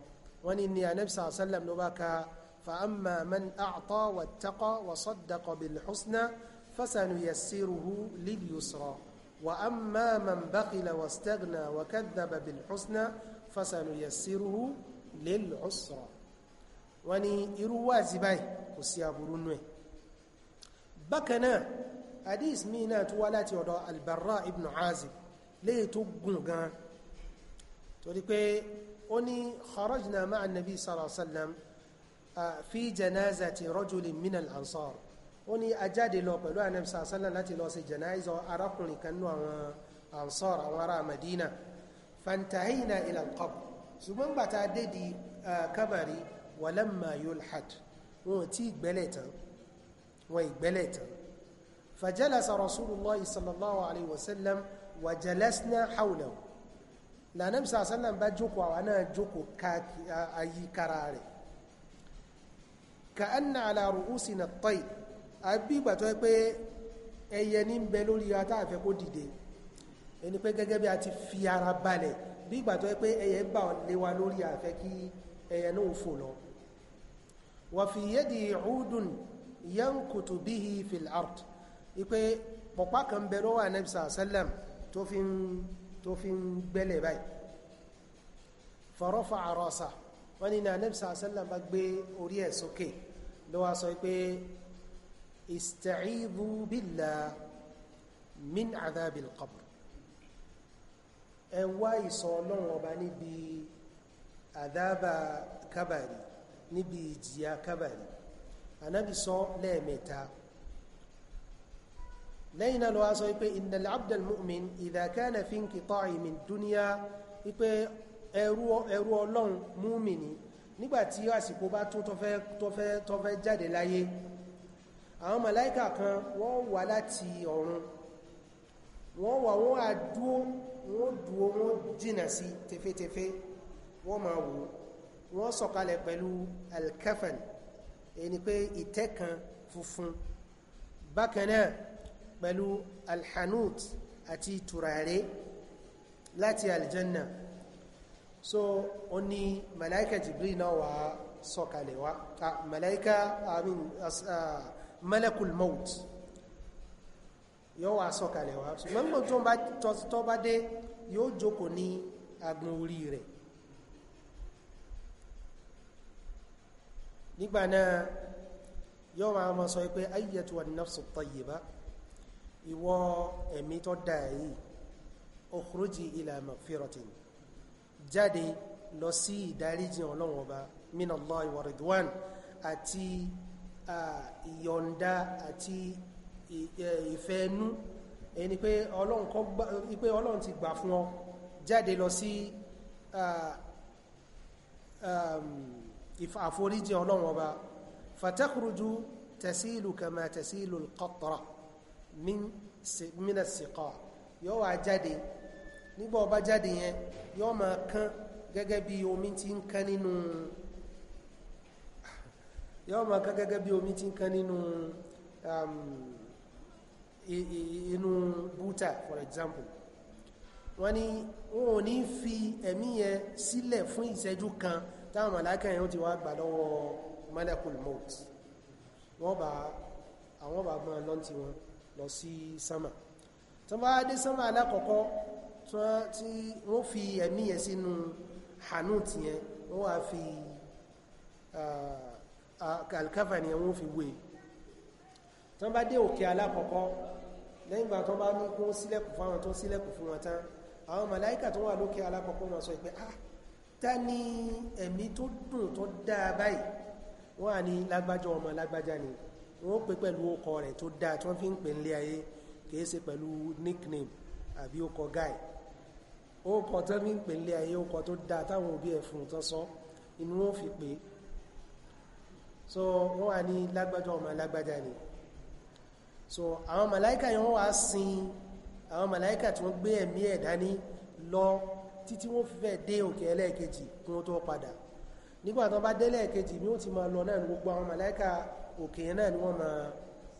wọ́n ní ní anabisa sallam ló bá ka fa'amma man a'ta wattaqa wa saddaqa bil husna fasanu yassiruhu lil yusra wa amma man baqila wastaghna wa kadhaba bil husna fasanu yassiruhu lil usra wọ́n ní irú wáàzí báyìí kò sí aburú nù ẹ̀ mi náà tó wá láti ọ̀dọ̀ albarra ibn azib léè tó gùn gan torí pé ó ní kharajna ma'a nabi sallallahu alaihi wasallam fi janazati rajulin minal ansar ó ní ajáde lọ pẹ̀lú anabi sallallahu alaihi wasallam láti lọ sí janaizọ arákùnrin kan nú àwọn ansar àwọn ará madina fantahina ila alqabr ṣùgbọ́n gbàtà dédi kábàrí walamma yulhad wọn tí gbẹ́lẹ̀ tán wọn ìgbẹ́lẹ̀ tán fajalasa rasulullah sallallahu alaihi wasallam wa jalasna hawlahu lànàmì sàásánà bá jókòó àwọn náà jókòó àyíkára rẹ̀ ka anna ala ru'usina at-tayr àbí ìgbà tó yẹ pé ẹyẹ ní ń bẹ lórí ata àfẹ́ kó dìde ẹni pé gẹ́gẹ́ bí a ti fi ara balẹ̀ bí ìgbà tó yẹ pé ẹyẹ bà lé wa lórí àfẹ́ kí ẹyẹ náà fò lọ wa fi yadi 'udun yankutu bihi fil ard ipe pọ̀pá kan bẹ lọ́wọ́ anabi sallam tó fi ń tó fi ń gbẹ́lẹ̀ báyìí farafa rasa wọ́n ni na nebsa sallam bá gbé orí ẹ̀ sókè ló wá sọ pé ista'idhu billah min adhabil qabr ẹ wá ìsọ ọlọ́run ọba níbi àdába kábàrí níbi ìjìyà kábàrí anábì lẹ́ẹ̀mẹ́ta lẹ́yìn náà ló wá sọ wípé innal abdal mu'min idha kana fi inqita'i min dunya wípé ẹrú ẹrú ọlọ́run múmìnì nígbàtí àsìkò bá tún tọ́fẹ́ tọ́fẹ́ tọ́fẹ́ jáde láyé àwọn màláìkà kan wọ́n wà láti ọ̀run wọ́n wà wọ́n àdúó wọ́n dúó wọ́n jìnà sí tefetefe wọ́n ma wò wọ́n sọ̀kalẹ̀ pẹ̀lú alkafan ẹni pé ìtẹ́ funfun bákan pẹ̀lú alhanut àti tùràrí láti aljanna so ó ní malaika jibril náà wà sọ̀kalẹ̀ wá malaika amin uh, malakul maut yóò wà sọ̀kalẹ̀ wá ṣùgbọ́n mọ̀ tó bá dé yóò jókòó ní agbọn orí rẹ̀ nígbà náà yóò máa mọ́ sọ pé ayyatu nafsu tayyiba ìwọ ẹ̀mí tó dáa yìí ukhruji ila magfiratin jáde lọ sí ìdáríjìn ọlọ́run ọba minallahi wa ridwan àti ìyọ̀ǹda àti ìfẹ́ẹnú ẹni pé ọlọ́run ti gbà fún ọ jáde lọ sí àforíjìn ọlọ́run ọba fatakhruju tasilu kama tasilu al mina siqa yóò wá jáde nígbà ọba jáde yẹn yóò máa kán gẹ́gẹ́ bí omi tí ń kán nínú yóò máa kán gẹ́gẹ́ bí omi tí ń kán nínú um, inú búta for example wọ́n ní wọ́n ò ní fi ẹ̀mí yẹn sílẹ̀ fún ìṣẹ́jú kan táwọn màláíkà yẹn ó ti wá gbà lọ́wọ́ malakul maut wọ́n bá àwọn bá gbọ́n lọ́ntí wọn lọ sí sánmà tó bá dé sánmà alákọ̀ọ́kọ́ tí wọ́n fi ẹ̀mí yẹn sínú hanut yẹn wọ́n wá fi ah, ah, alkafa ni wọ́n fi wé tó bá dé òkè alákọ̀ọ́kọ́ lẹ́yìn ìgbà tó bá ní kó sílẹ̀kùn fún àwọn tó sílẹ̀kùn fún wọn tán àwọn màláíkà tó wà lókè alákọ̀ọ́kọ́ wọn sọ pé ah ta ni ẹ̀mí tó dùn tó dáa báyìí wọ́n à ní lágbájá ọmọ lágbájá ni. Ah, wọ́n pè pẹ̀lú ọkọ rẹ̀ tó dáa tí wọ́n fi ń pè nílé ayé kìí ṣe pẹ̀lú nickname àbí ọkọ guy ọkọ tó fi ń pè nílé ayé ọkọ tó dáa táwọn òbí ẹ̀ fún sọ inú wọn fi pè so wọ́n wà ní lágbájá ọmọ lágbájá ni so àwọn màláìkà yẹn wọ́n wá sin àwọn màláìkà tí wọ́n gbé ẹ̀mí ẹ̀ dání lọ títí wọ́n fi fẹ́ dé òkè ẹlẹ́ẹ̀kejì kí wọ́n tó padà nígbà tó bá délẹ̀ ni ó ti máa lọ náà gbogbo àwọn màláìkà òkè yẹn náà ni wọ́n máa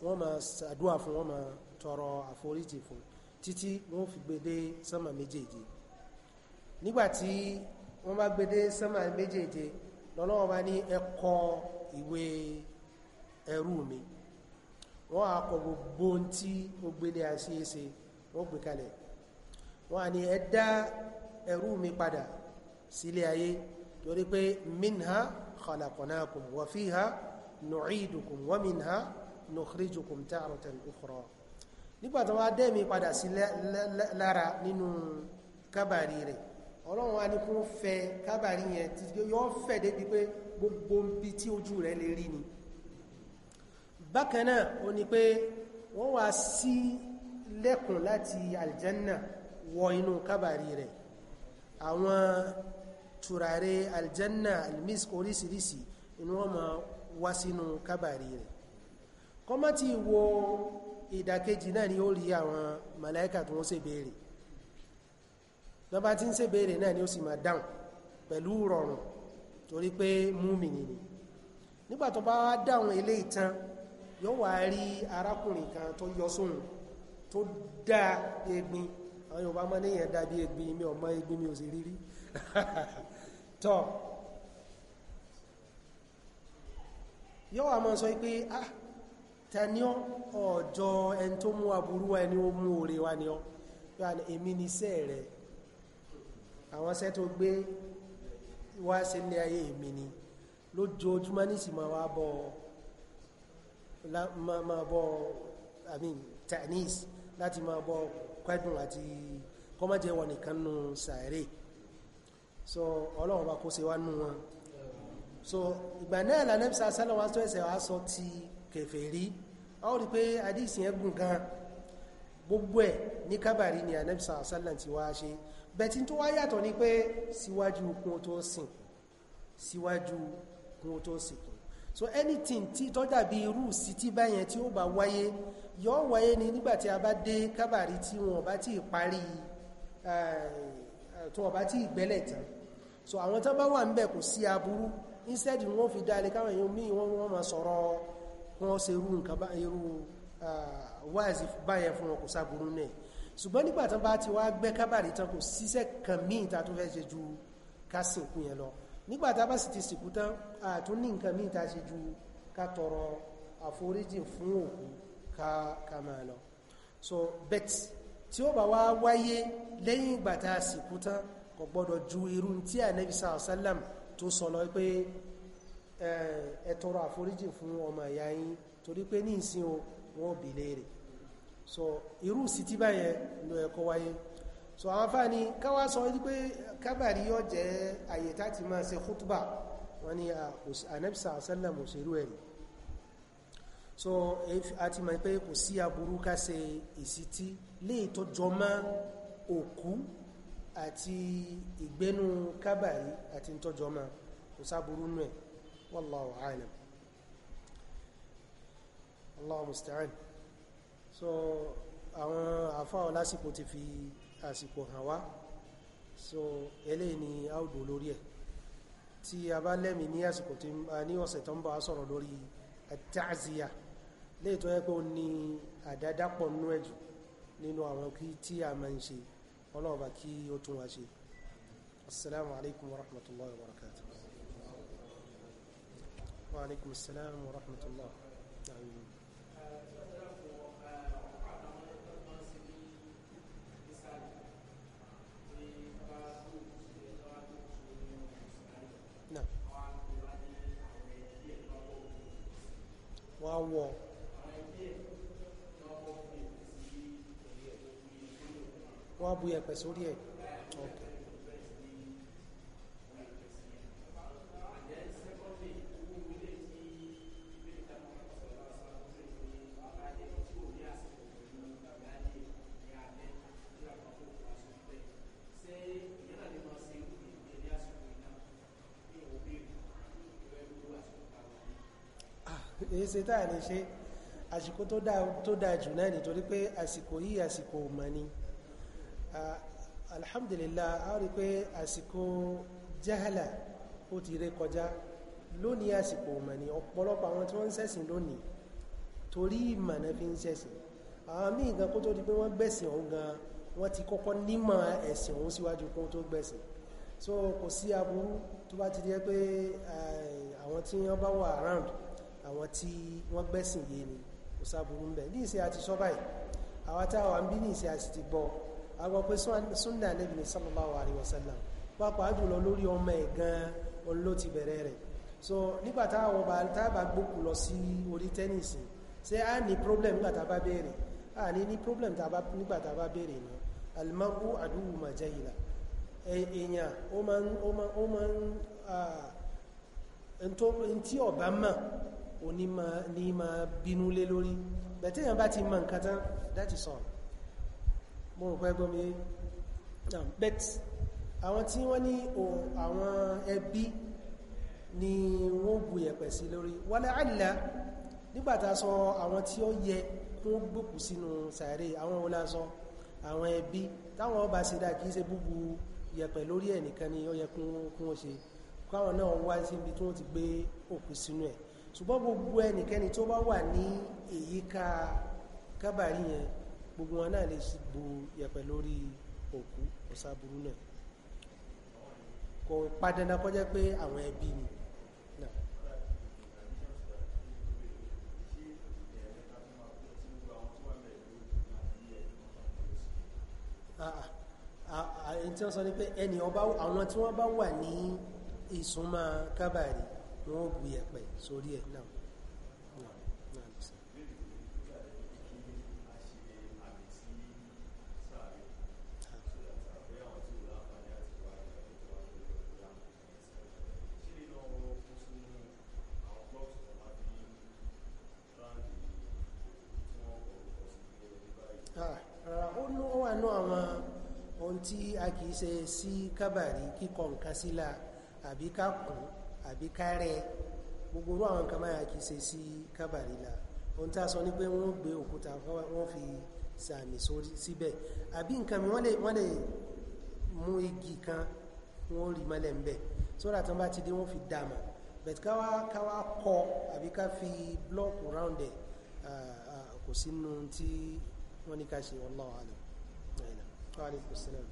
wọ́n máa ṣàdúrà fún wọ́n máa tọrọ àforíjì fún títí wọ́n fi gbé dé sánmà méjèèje nígbàtí wọ́n bá gbé dé sánmà méjèèje lọ́lọ́wọ́ bá ní ẹ kọ ìwé ẹrú mi wọ́n á kọ gbogbo ohun ó gbé àṣeyẹsẹ wọ́n gbé kalẹ̀ wọ́n á ní ẹ dá ẹrú mi padà sílé ayé torí pé minha khalaqnakum wa fiha nu'idukum wa minha nukhrijukum ta'ratan ukhra nígbà tó wá dẹ́mi padà sí lára nínú kábàrí rẹ̀ ọlọ́run wa ní kún fẹ̀ kábàrí yẹn tí yóò fẹ̀ débi pé gbogbo bí tí ojú rẹ̀ lè rí ni bákan náà ó ní pé wọ́n wá sí aljanna wọ inú kábàrí rẹ̀ àwọn tùràrí aljanna almisk oríṣiríṣi inú wọn máa wá sínú kábàrí rẹ̀ kọ́mọ́ tí wo ìdàkejì náà ni ó rí àwọn màláíkà tó ń ṣèbéèrè lọ́ba tí ń ṣèbéèrè náà ni ó sì máa dáhùn pẹ̀lú rọrùn torí pé múmìnì ni nígbà tó bá dáhùn ilé ìtàn yóò wá rí arákùnrin kan tó yọ sóhun tó dá egbin àwọn Yorùbá máa ní èèyàn dàbí egbin mi ò mọ egbin mi ò sì rírí <laughs> yọ́ wà máa sọ pé ah ta ní ọjọ́ ẹni tó mú aburú wa ẹni ó mú oore wa ni ọ yọ́ àni èmi ni iṣẹ́ rẹ̀ àwọn iṣẹ́ tó gbé wá sí ní ayé èmi ni lójoojúmọ́ ní sì máa wá bọ́ máa i mean tanis láti máa bọ́ kwẹ́dùn àti kọ́mọ́jẹ́ wọn nìkan nù sàárè so ọlọ́run bá kó ṣe wá nù wọn so ìgbà náà lànà bí sàṣálà wá tó ẹsẹ̀ wá sọ ti kèfèrí a ó rí pé àdìsí yẹn gùn gan gbogbo ẹ̀ ní kábàrí ni ànà bí sàṣálà ti wá ṣe bẹ̀tí tó wá yàtọ̀ ni pé síwájú kún tó sìn síwájú kún tó sìn so anything tí tó dàbí irú sí tí báyẹn tí ó bá wáyé yóò wáyé ni nígbàtí a bá dé kábàrí tí wọn bá ti parí eh, tó wọn bá ti gbẹ́lẹ̀ tán so àwọn tó bá wà ń bẹ̀ kò sí aburú instead wọ́n fi dáa lè káwọn èèyàn míì wọ́n wọ́n máa sọ̀rọ̀ wọ́n ṣe irú nǹkan bá irú wáàsí báyẹn fún wọn kò sáburú náà ṣùgbọ́n nígbà tán bá ti wá gbẹ́ kábàrí tán kò síṣẹ́ kan míì ta tó fẹ́ ṣe ju ká sìnkú yẹn lọ nígbà tá bá sì ti sìnkú tán àtún ní nǹkan míì ta ṣe ju ká tọrọ àforíjì fún òkú ká máa lọ so bet tí ó bá wá wáyé lẹ́yìn ìgbà tá sìnkú tán kò gbọ́dọ̀ ju irú tí ànẹ́bí sàlám tó sọ lọ pé ẹ tọrọ àforíjì fún ọmọ ìyá yín torí pé ní ìsìn o wọ́n bi léèrè so irú sí tí báyẹn ló ẹ̀kọ́ wáyé so àwọn afá ni káwá sọ wípé kábàrí yóò jẹ́ àyè táti máa ṣe kútùbà wọ́n ni anẹ́bìsà àṣẹ́lẹ̀m òṣèlú ẹ̀rì so a ti mọ̀ pé kò sí aburú ká ṣe ìsítí léè tó òkú àti ìgbénu kábàrí àti ìtọ́jọ́ máa kò sáburú nù ẹ̀ wallahu a'lam so àwọn àfáà lásìkò ti fi àsìkò hàn wá so eléyìí ni a ó dò lórí ẹ̀ tí a bá lẹ́mì ní àsìkò tí a ní ọ̀sẹ̀ tó ń bá sọ̀rọ̀ lórí àtàzíyà léètò ẹ́ pé ó ní àdádá nínú ẹ̀jù nínú àwọn kí tí a máa ń ṣe ọlọ́run bá kí ó tún wá ṣe assalamu alaikum wa rahmatullahi wa barakatuh wa alaikum assalam wa Wọ́n wọ́n á bu yẹ̀pẹ̀ sórí ẹ̀ ọ̀kẹ́. Ah, ṣe táà lè ṣe àsìkò tó dáa jù náà nítorí pé àsìkò yìí àsìkò mọ̀ ni. Uh, alhamdulillah a rí pé àsìkò jahala ó ti ré kọjá lónìí àsìkò mẹ́ni ọ̀pọ̀lọpọ̀ àwọn tí wọ́n ń ṣẹ̀sìn lónìí torí ìmọ̀nà fi ń ṣẹ̀sìn àwọn míì gan kó tó di pé wọ́n gbẹ̀sìn ọ̀hún gan wọ́n ti kọ́kọ́ nímọ̀ ẹ̀sìn ọ̀hún síwájú kó tó gbẹ̀sìn so kò sí aburú tó bá ti jẹ́ pé eh, àwọn tí wọ́n bá wà around àwọn tí wọ́n gbẹ̀sìn yé ni kò sáburú ń bẹ ní ìṣe àti sọ báyìí àwọn táwọn ń ní ìṣe àti ti gbọ́ àwọn pé súnà níbi ní sallallahu alaihi wasallam pàápàá jùlọ lórí ọmọ ẹ̀ gan òun ló ti bẹ̀rẹ̀ rẹ̀ so nígbà táwọn ọba tábà gbókù lọ sí orí tẹ́nìsì ṣé a ní problem nígbà tá bá béèrè a ní ní problem nígbà tá bá béèrè ni almaru aduwu majayila èèyàn ó máa ń ó máa ń tí ọba mọ̀ onímọ̀ that is all mo rò pé ẹgbọ́n mi bet àwọn tí wọ́n ní àwọn ẹbí ni wọ́n bu yẹ̀pẹ̀ sí lórí wọ́n àìlá nígbàtà sọ àwọn tí ó yẹ kún gbòkú sínú sàárè àwọn wọ́n lásọ àwọn ẹbí táwọn ọba ṣe dá kìí ṣe búbu yẹ̀pẹ̀ lórí ẹnìkan ni ó yẹ kún ó ṣe káwọn náà wá síbi tí wọ́n ti gbé òkú sínú ẹ̀ ṣùgbọ́n gbogbo ẹnikẹ́ni tó bá wà ní èyíká kábàrí yẹn gbogbo wọn náà lè bu yẹ̀pẹ̀ lórí òkú ọ̀sàbùrú náà kò padànà kọjá pé àwọn ẹbí ni ẹni tí wọ́n sọ ní pé ẹni àwọn tí wọ́n bá wà ní ìsúnmọ́ kábàárì wọ́n bu yẹ̀pẹ̀ sórí ẹ̀ náà kìí ṣe sí kábàrí kíkọ nǹkan sílá àbí ká kù àbí ká rẹ gbogbo orú àwọn nǹkan máa kìí ṣe sí kábàrí la ohun tá a sọ ni pé wọ́n gbé òkúta wọ́n fi sàmì síbẹ̀ àbí nǹkan mi wọ́n lè wọ́n lè mú igi kan wọ́n rí mọ́lẹ̀ ń bẹ̀ sódà tán bá ti dé wọ́n fi dàmà bẹ̀t káwá káwá kọ àbí ká fi blọ́ọ̀kù round ẹ̀ kò sínú tí wọ́n ní ká ṣe wallahu alam. Wa alaikum salam.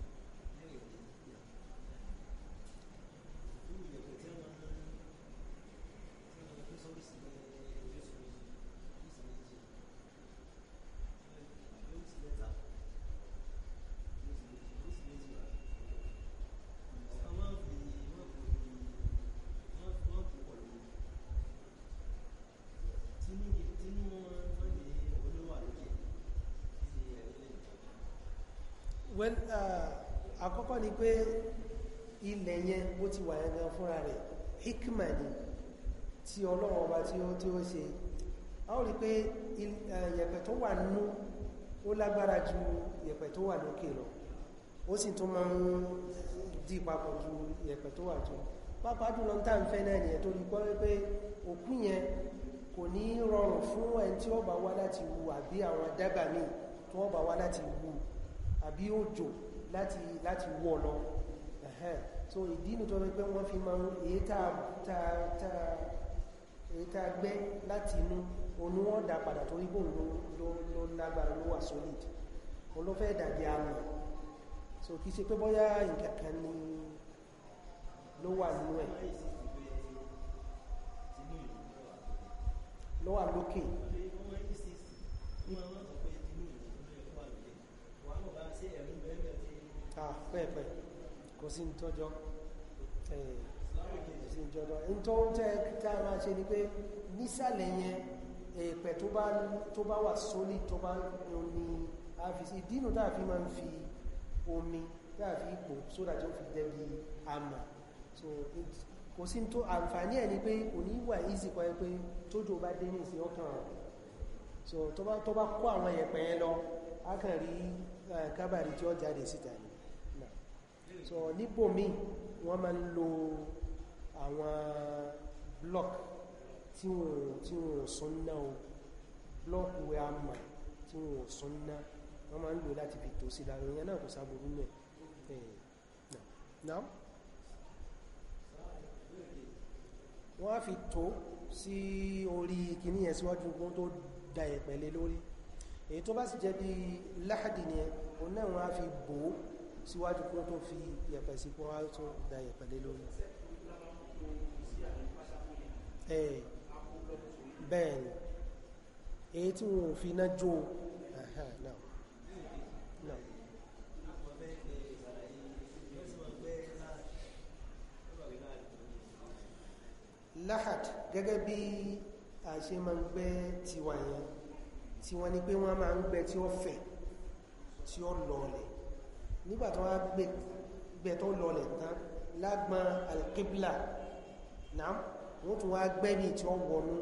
well uh, àkọ́kọ́ ni pé ilẹ̀ yẹn bó ti wà yẹn gan fúnra rẹ̀ hikma ni tí ọlọ́run ọba tí ó tí ó ṣe a ó rí pé yẹ̀pẹ̀ tó wà nínú ó lágbára ju yẹ̀pẹ̀ tó wà lókè lọ ó sì tún máa ń dì papọ̀ ju yẹ̀pẹ̀ tó wà tó pápá jùlọ tá ń fẹ́ náà nìyẹn tó rí pọ́ pé òkú yẹn kò ní rọrùn fún ẹni tí ó bá wá láti wù àbí àwọn dábàá míì tó bá wá láti wù àbí òjò láti láti wọ̀ lọ so ìdínú tó pẹ́ wọ́n fi máa ń èyí tá gbẹ́ láti inú onú wọ́n dá padà torí bóun ló lágbára ló wà solid òun ló fẹ́ dàbí àmì so kìí ṣe pé bóyá ìkẹ̀kẹ́ ni ló wà nínú ẹ̀ ló wà lókè ká pẹ́ẹ̀pẹ́ kò sí ní tọ́jọ́ kò sí ní tọ́jọ́ tó ń tẹ́ ká máa ṣe ni pé nísàlẹ̀ yẹn èèpẹ̀ tó bá wà sólì tó bá ní àfisí ìdínú tààfin máa ń fi omi tààfin ipò sódà tí ó fi dẹ́bi àmà so kò sí tó àǹfààní ẹ̀ ni pé òní wà easy kọ́ ẹ pé tójò bá dé ní ìsìn ọkàn rẹ̀ so tó bá kó àwọn ẹ̀pẹ̀ yẹn lọ a kàn rí kábàrí tí ó jáde so níbòmí wọ́n máa ń lo àwọn block tí wọ́n tí wọ́n sún ná o block wẹ́ a mà tí wọ́n sún ná wọ́n máa ń lò láti fi tó sí lára ìyẹn náà kò sáàbòrú náà náà wọ́n á fi tó sí orí kìíní ẹ̀ síwájú ogun tó da ẹ̀pẹ̀lẹ̀ lórí èyí tó bá sì jẹ́ bí láhàdì ni ẹ̀ òun á fi bòó síwájú kó tó fi yẹ̀pẹ̀ sí kó wá da yẹ̀pẹ̀ lé lórí bẹ́ẹ̀ ni èyí tí wọ́n fi iná jó náà náà lahad gẹ́gẹ́ bí a ṣe máa ń gbẹ́ tiwa yẹn tí wọ́n ní pé wọ́n máa ń gbẹ́ tí ó fẹ̀ tí ó lọlẹ̀ nígbà tó wá gbẹ tó lọlẹ̀ tán lágbọn alkibla náà wọ́n tún wá gbẹ́bì tí ó wọnú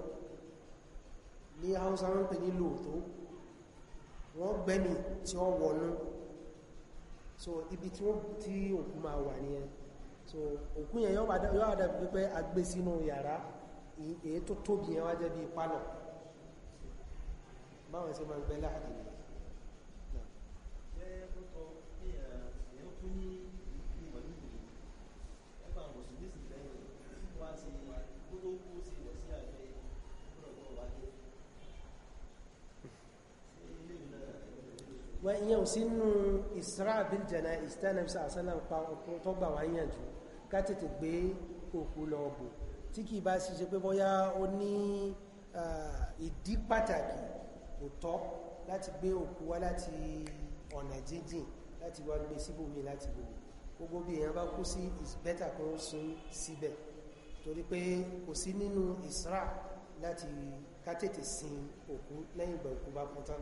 ní haúsá ń pè ní lóòtó wọ́n gbẹ́bì tí ó wọnú so ibi tí wọ́n tí òkú máa wà ní ẹ so òkú yẹn yọ́ àdá pípẹ́ agbé sínú yàrá èyí tó tóbi yẹn wá jẹ́ bí pálọ̀ báwọn ṣe máa gbẹ́ láàdì ṣùgbọ́n ìyẹn ò sínú isra bil janaiz ìsítánàbí sàásánà pa ọkùn tó gbà wá yànjú ká tètè gbé òkú lọ bò tí kì í bá sì ṣe pé bóyá ó ní ìdí pàtàkì kò tọ́ láti gbé òkú wá láti ọ̀nà jíjìn láti wá gbé síbòmí láti gbòmí gbogbo bí èèyàn bá kú sí is better kó sún síbẹ̀ torí pé kò sí nínú isra láti ká tètè sin òkú lẹ́yìn ìgbà òkú bá kú tán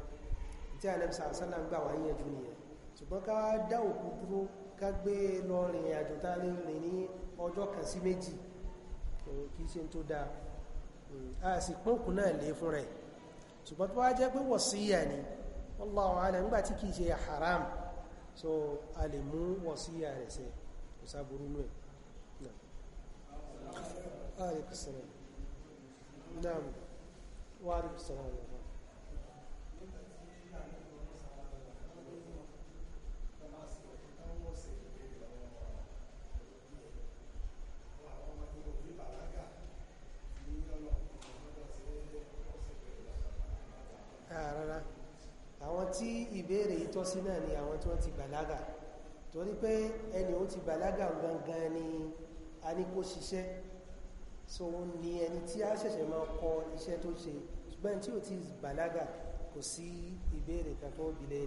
tí àlẹ́ sàn sálà ń gbà wá yẹjú nìyẹn ṣùgbọ́n ká dá òkú dúró ká gbé lọ rìn àjò tá a lè rìn ní ọjọ́ kan sí méjì kì í ṣe tó dáa hmm, a sì pín náà lé fún rẹ̀ ṣùgbọ́n tó wá jẹ́ pé wọ̀síyà ni wallahu alam nígbà tí kì ṣe haram so a lè mú wọ̀síyà rẹ̀ ṣe kò sáburú nù ẹ̀ náà. Aleykum salaam. Naam. Wa aleykum salaam. tọ́ sí náà ni àwọn tí wọ́n ti bàlágà torí pé ẹni ó ti bàlágà gangan ni a ní kó ṣiṣẹ́ so ni ẹni tí a ṣẹ̀ṣẹ̀ máa kọ iṣẹ́ tó ṣe ṣùgbọ́n tí ò ti bàlágà kò sí ìbéèrè kan tó bi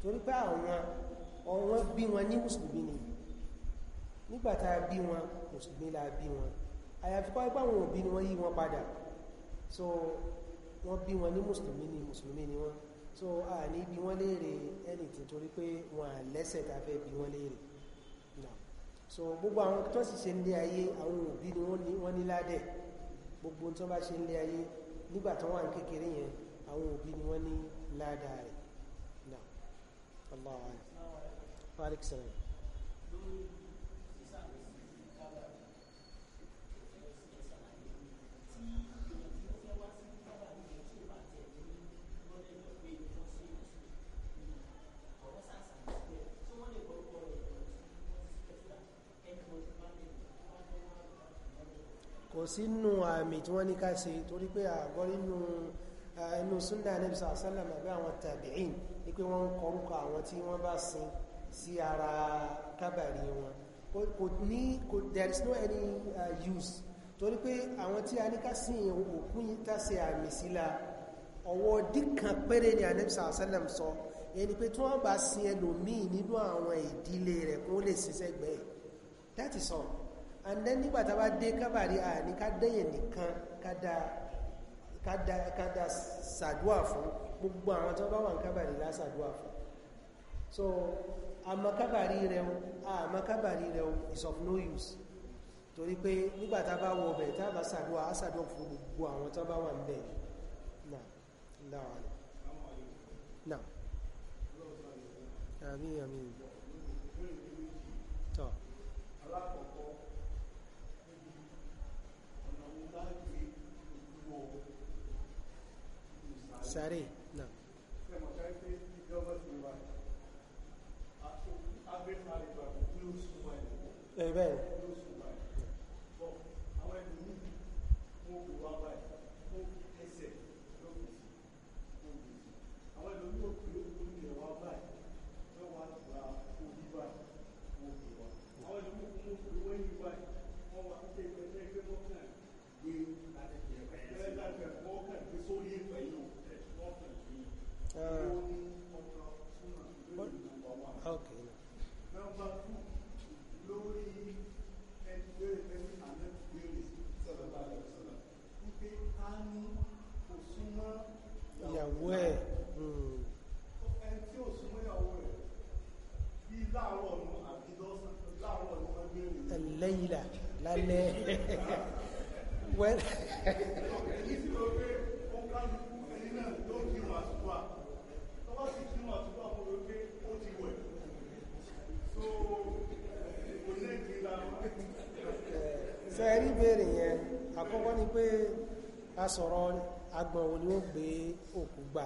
torí pé àwọn ọ̀wọ́n bí wọn ní mùsùlùmí ni nígbà tá a bí wọn mùsùlùmí la bí wọn àyàfi kọ́ ipá àwọn òbí ni wọ́n yí wọn padà so wọ́n bí wọn ní mùsùlùmí ni mùsùlùmí ni wọ́n so a ní bí wọ́n léèrè anything torí pé wọ́n à lẹ́sẹ̀ tá fẹ́ bí wọ́n léèrè so gbogbo àwọn tó sì ṣe nílé ayé àwọn òbí ni wọ́n ní ládẹ̀ gbogbo tó bá ṣe nílé ayé nígbà tó wà ní kékeré yẹn àwọn òbí ni wọ́n ní ládàá rẹ̀ náà allah wa alaikum salam kò sínú àmì tí wọ́n ní ká ṣe torí pé àgọ́ nínú inú súnà Ànábì àbí àwọn tàbíìn ní pé wọ́n ń kọrúkọ àwọn tí wọ́n bá sin sí ara kábàrí wọn kò ní kò there is no any uh, use torí pé àwọn tí a ní ká sin òkú yìí ká ṣe àmì síla ọwọ́ dìkan péré ni Ànábì sàásálàmù sọ ẹni pé tí wọ́n bá sin ẹlòmíì nínú àwọn ìdílé rẹ̀ kó lè ṣiṣẹ́ gbẹ̀ẹ́ that is all and then nígbà tá a bá dé kábàrí àní ká dẹ́yìn nìkan ká da sàdúà fún gbogbo àwọn tó bá wà ní kábàrí lásàdúà fún so àmọ́ kábàrí rẹ̀ o àmọ́ kábàrí rẹ̀ o is of no use torí pé nígbà tá a bá wọ ọbẹ̀ tá a bá sàdúà á sàdúà fún gbogbo àwọn tó bá wà ń bẹ̀ náà náà náà àmín àmín. sáré náà. ẹ bẹ́ẹ̀ Well. <laughs> fẹ́ rí bèèrè yẹn àkọ́kọ́ ni pé a sọ̀rọ̀ agbọ̀n wo ni ó gbé òkú gbà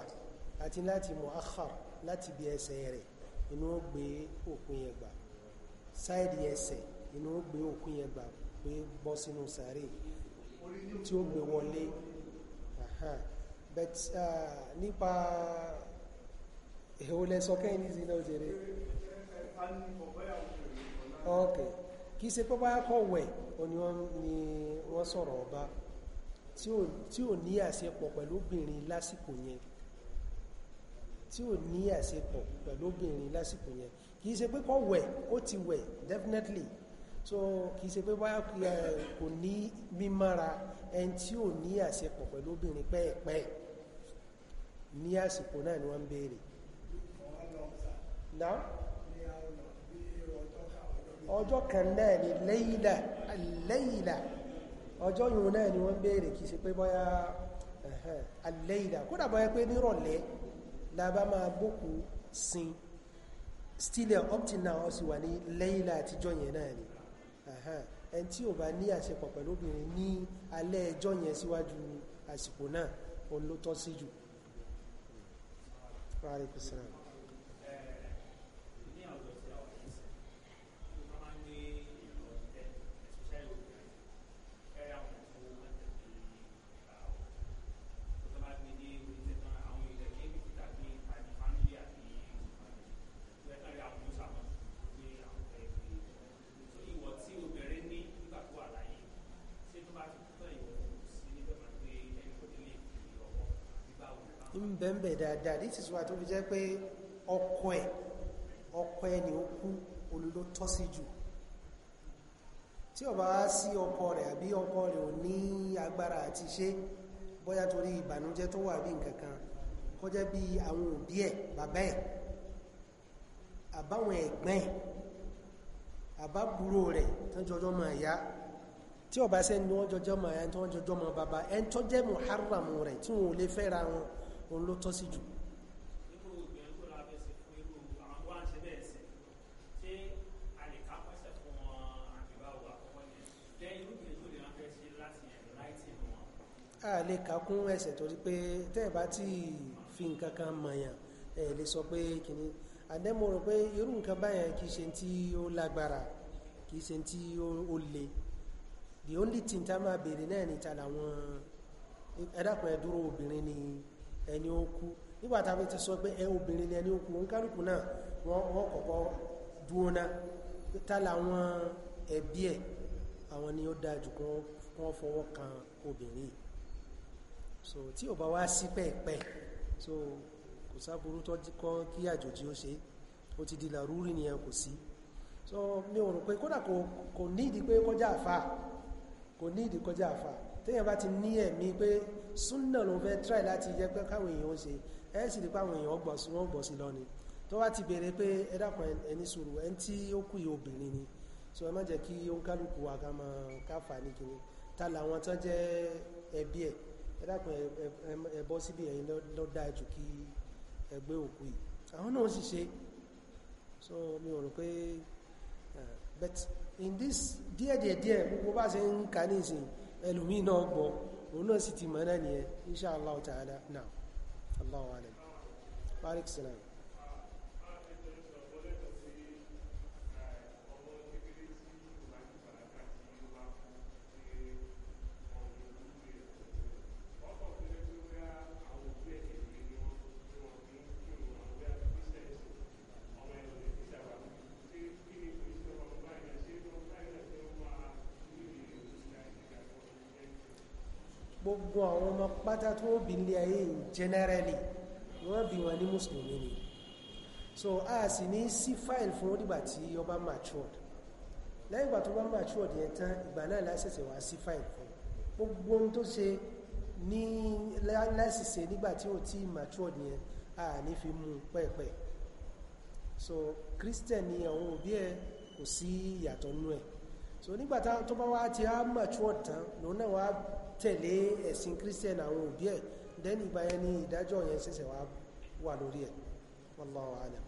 àti láti mu'akhkhar láti bí ẹsẹ̀ rẹ̀ inú ó gbé òkú yẹn gbà sáìdì ẹsẹ̀ inú ó gbé òkú yẹn gbà pé bọ́ sínú sàárè tí ó gbé wọlé but uh, nípa èwo lẹ sọ kẹ́yìn nísìnyí náà jẹrẹ ok kì í ṣe pé wẹ̀ ni wọ́n sọ̀rọ̀ ọba tí ò ní àṣepọ̀ pẹ̀lú obìnrin lásìkò yẹn tí ò ní àṣepọ̀ pẹ̀lú obìnrin lásìkò yẹn kì í ṣe pé kọ wẹ̀ ó ti wẹ̀ definitely so kì í ṣe pé báyà eh, kò ní mímára ẹni tí ò ní àṣepọ̀ pẹ̀lú obìnrin pẹ́ẹ̀pẹ́ ní àsìkò náà ni wọ́n ń béèrè ọjọ́ kan náà ni lẹ́yìnlá lẹ́yìnlá ọjọ́ yìí náà ni wọ́n ń béèrè kì í ṣe pé báyà àlẹ́yìnlá kódà báyà pé nírọ̀lẹ́ la bá máa gbókùú sin still up till now ó sì wà ní lẹ́yìnlá àtijọ́ yẹn náà ni ẹni tí ò bá ní àṣepọ̀ pẹ̀lú obìnrin ní alẹ́ ẹjọ́ yẹn síwájú àsìkò náà olótọ́ sí jù. Wa alaikum bẹ́ẹ̀ dáadáa ní tìṣúwà tó fi jẹ́ pé ọkọ ẹ̀ ọkọ ẹ̀ ni ó kú olùló tọ́ sí jù tí ó bá wá sí ọkọ rẹ̀ àbí ọkọ rẹ̀ ò ní agbára àti ṣe bóyá torí ìbànújẹ́ tó wà bí nkankan kó jẹ́ bí àwọn òbí ẹ̀ bàbá ẹ̀ àbáwọn ẹ̀gbẹ́ ẹ̀ àbábúrò rẹ̀ tán jọjọ́ mọ̀ ẹ̀yá tí ó bá sẹ́ni wọ́n jọjọ́ mọ̀ ẹ̀yá tí wọ́n jọjọ́ mọ̀ bàbá ẹ̀ ń tọ́jẹ́ muharram rẹ̀ tí wọ́n ò lè fẹ́ra wọn òun ló tọ́ sí jù a lè kà kún ẹsẹ̀ torí pé tẹ́ ẹ̀ bá tí fi nǹkan kan mọ̀yàn ẹ̀ lè sọ pé kìíní àdẹ́mọ̀ rò pé irú nǹkan báyẹn kìí ṣe tí ó lágbára kìí ṣe tí ó le the only thing tá máa béèrè náà níta làwọn ẹ̀dàkùn ẹ̀dúró obìnrin ni ẹni ó kú nígbàtà fi ti sọ pé ẹ obìnrin ni ẹni ó kú ń kálùkù náà wọ́n kọ́kọ́ dúó ná tá láwọn ẹbí ẹ̀ àwọn ni ó dájú kán fọwọ́ kan obìnrin so tí ò bá wá sí pẹ́ẹ̀pẹ́ so kò sáburú tó kọ́ kí àjòjì ó ṣe ó ti di làrúrí nìyẹn kò sí so mi ò rò pé kódà kò ní ìdí pé kọjá àfà kò ní ìdí kọjá àfà téèyàn bá ti ní ẹ̀mí pé súnà ló fẹ́ try láti jẹ́ pé káwọn èèyàn ó ṣe ẹ̀ sì rí páwọn èèyàn gbọ̀ sí wọ́n gbọ̀ sí lọ ni tó wá ti béèrè pé ẹ dákun ẹni sùúrù ẹni tí ó kù yìí obìnrin ni so ẹ má jẹ́ kí ó ń kálukú wa ká máa káfà ní kinní ta làwọn tán jẹ́ ẹbí ẹ̀ ẹ dákun ẹ bọ́ síbi ẹ̀yin ló dáa jù kí ẹ gbé òkú yìí àwọn náà sì ṣe so mi ò rò pé eh, but in this díẹ̀díẹ̀díẹ̀ gbogbo bá ṣe ń kà nísìnyí ẹlòmí náà gbọ́ òun náà sì ti mọ̀ náà nìyẹn inṣàlá ta'ala náà allah wa alam gbogbo àwọn ọmọ pátá tó bí ní ayé generally wọ́n bí wọn ní mùsùlùmí ni so a sì ní sí file fún ìgbà tí ó bá matured lẹ́yìn ìgbà tó bá matured yẹn tán ìgbà náà láṣẹ̀ṣẹ̀ wá sí file fún gbogbo ohun tó ṣe ní láṣẹ̀ṣẹ̀ nígbà tí ó ti matured yẹn a ní fi mú pẹ́ẹ̀pẹ́ so christian ni àwọn òbí ẹ kò sí ìyàtọ̀ nú ẹ̀ so nígbà tó bá wá ti á matured tán lòun náà wá tẹ̀lé ẹ̀sìn christian àwọn òbí ẹ̀ dẹ́ni ìgbà yẹn ní ìdájọ́ yẹn ṣẹ̀ṣẹ̀ wá wà lórí ẹ̀ wallahu alam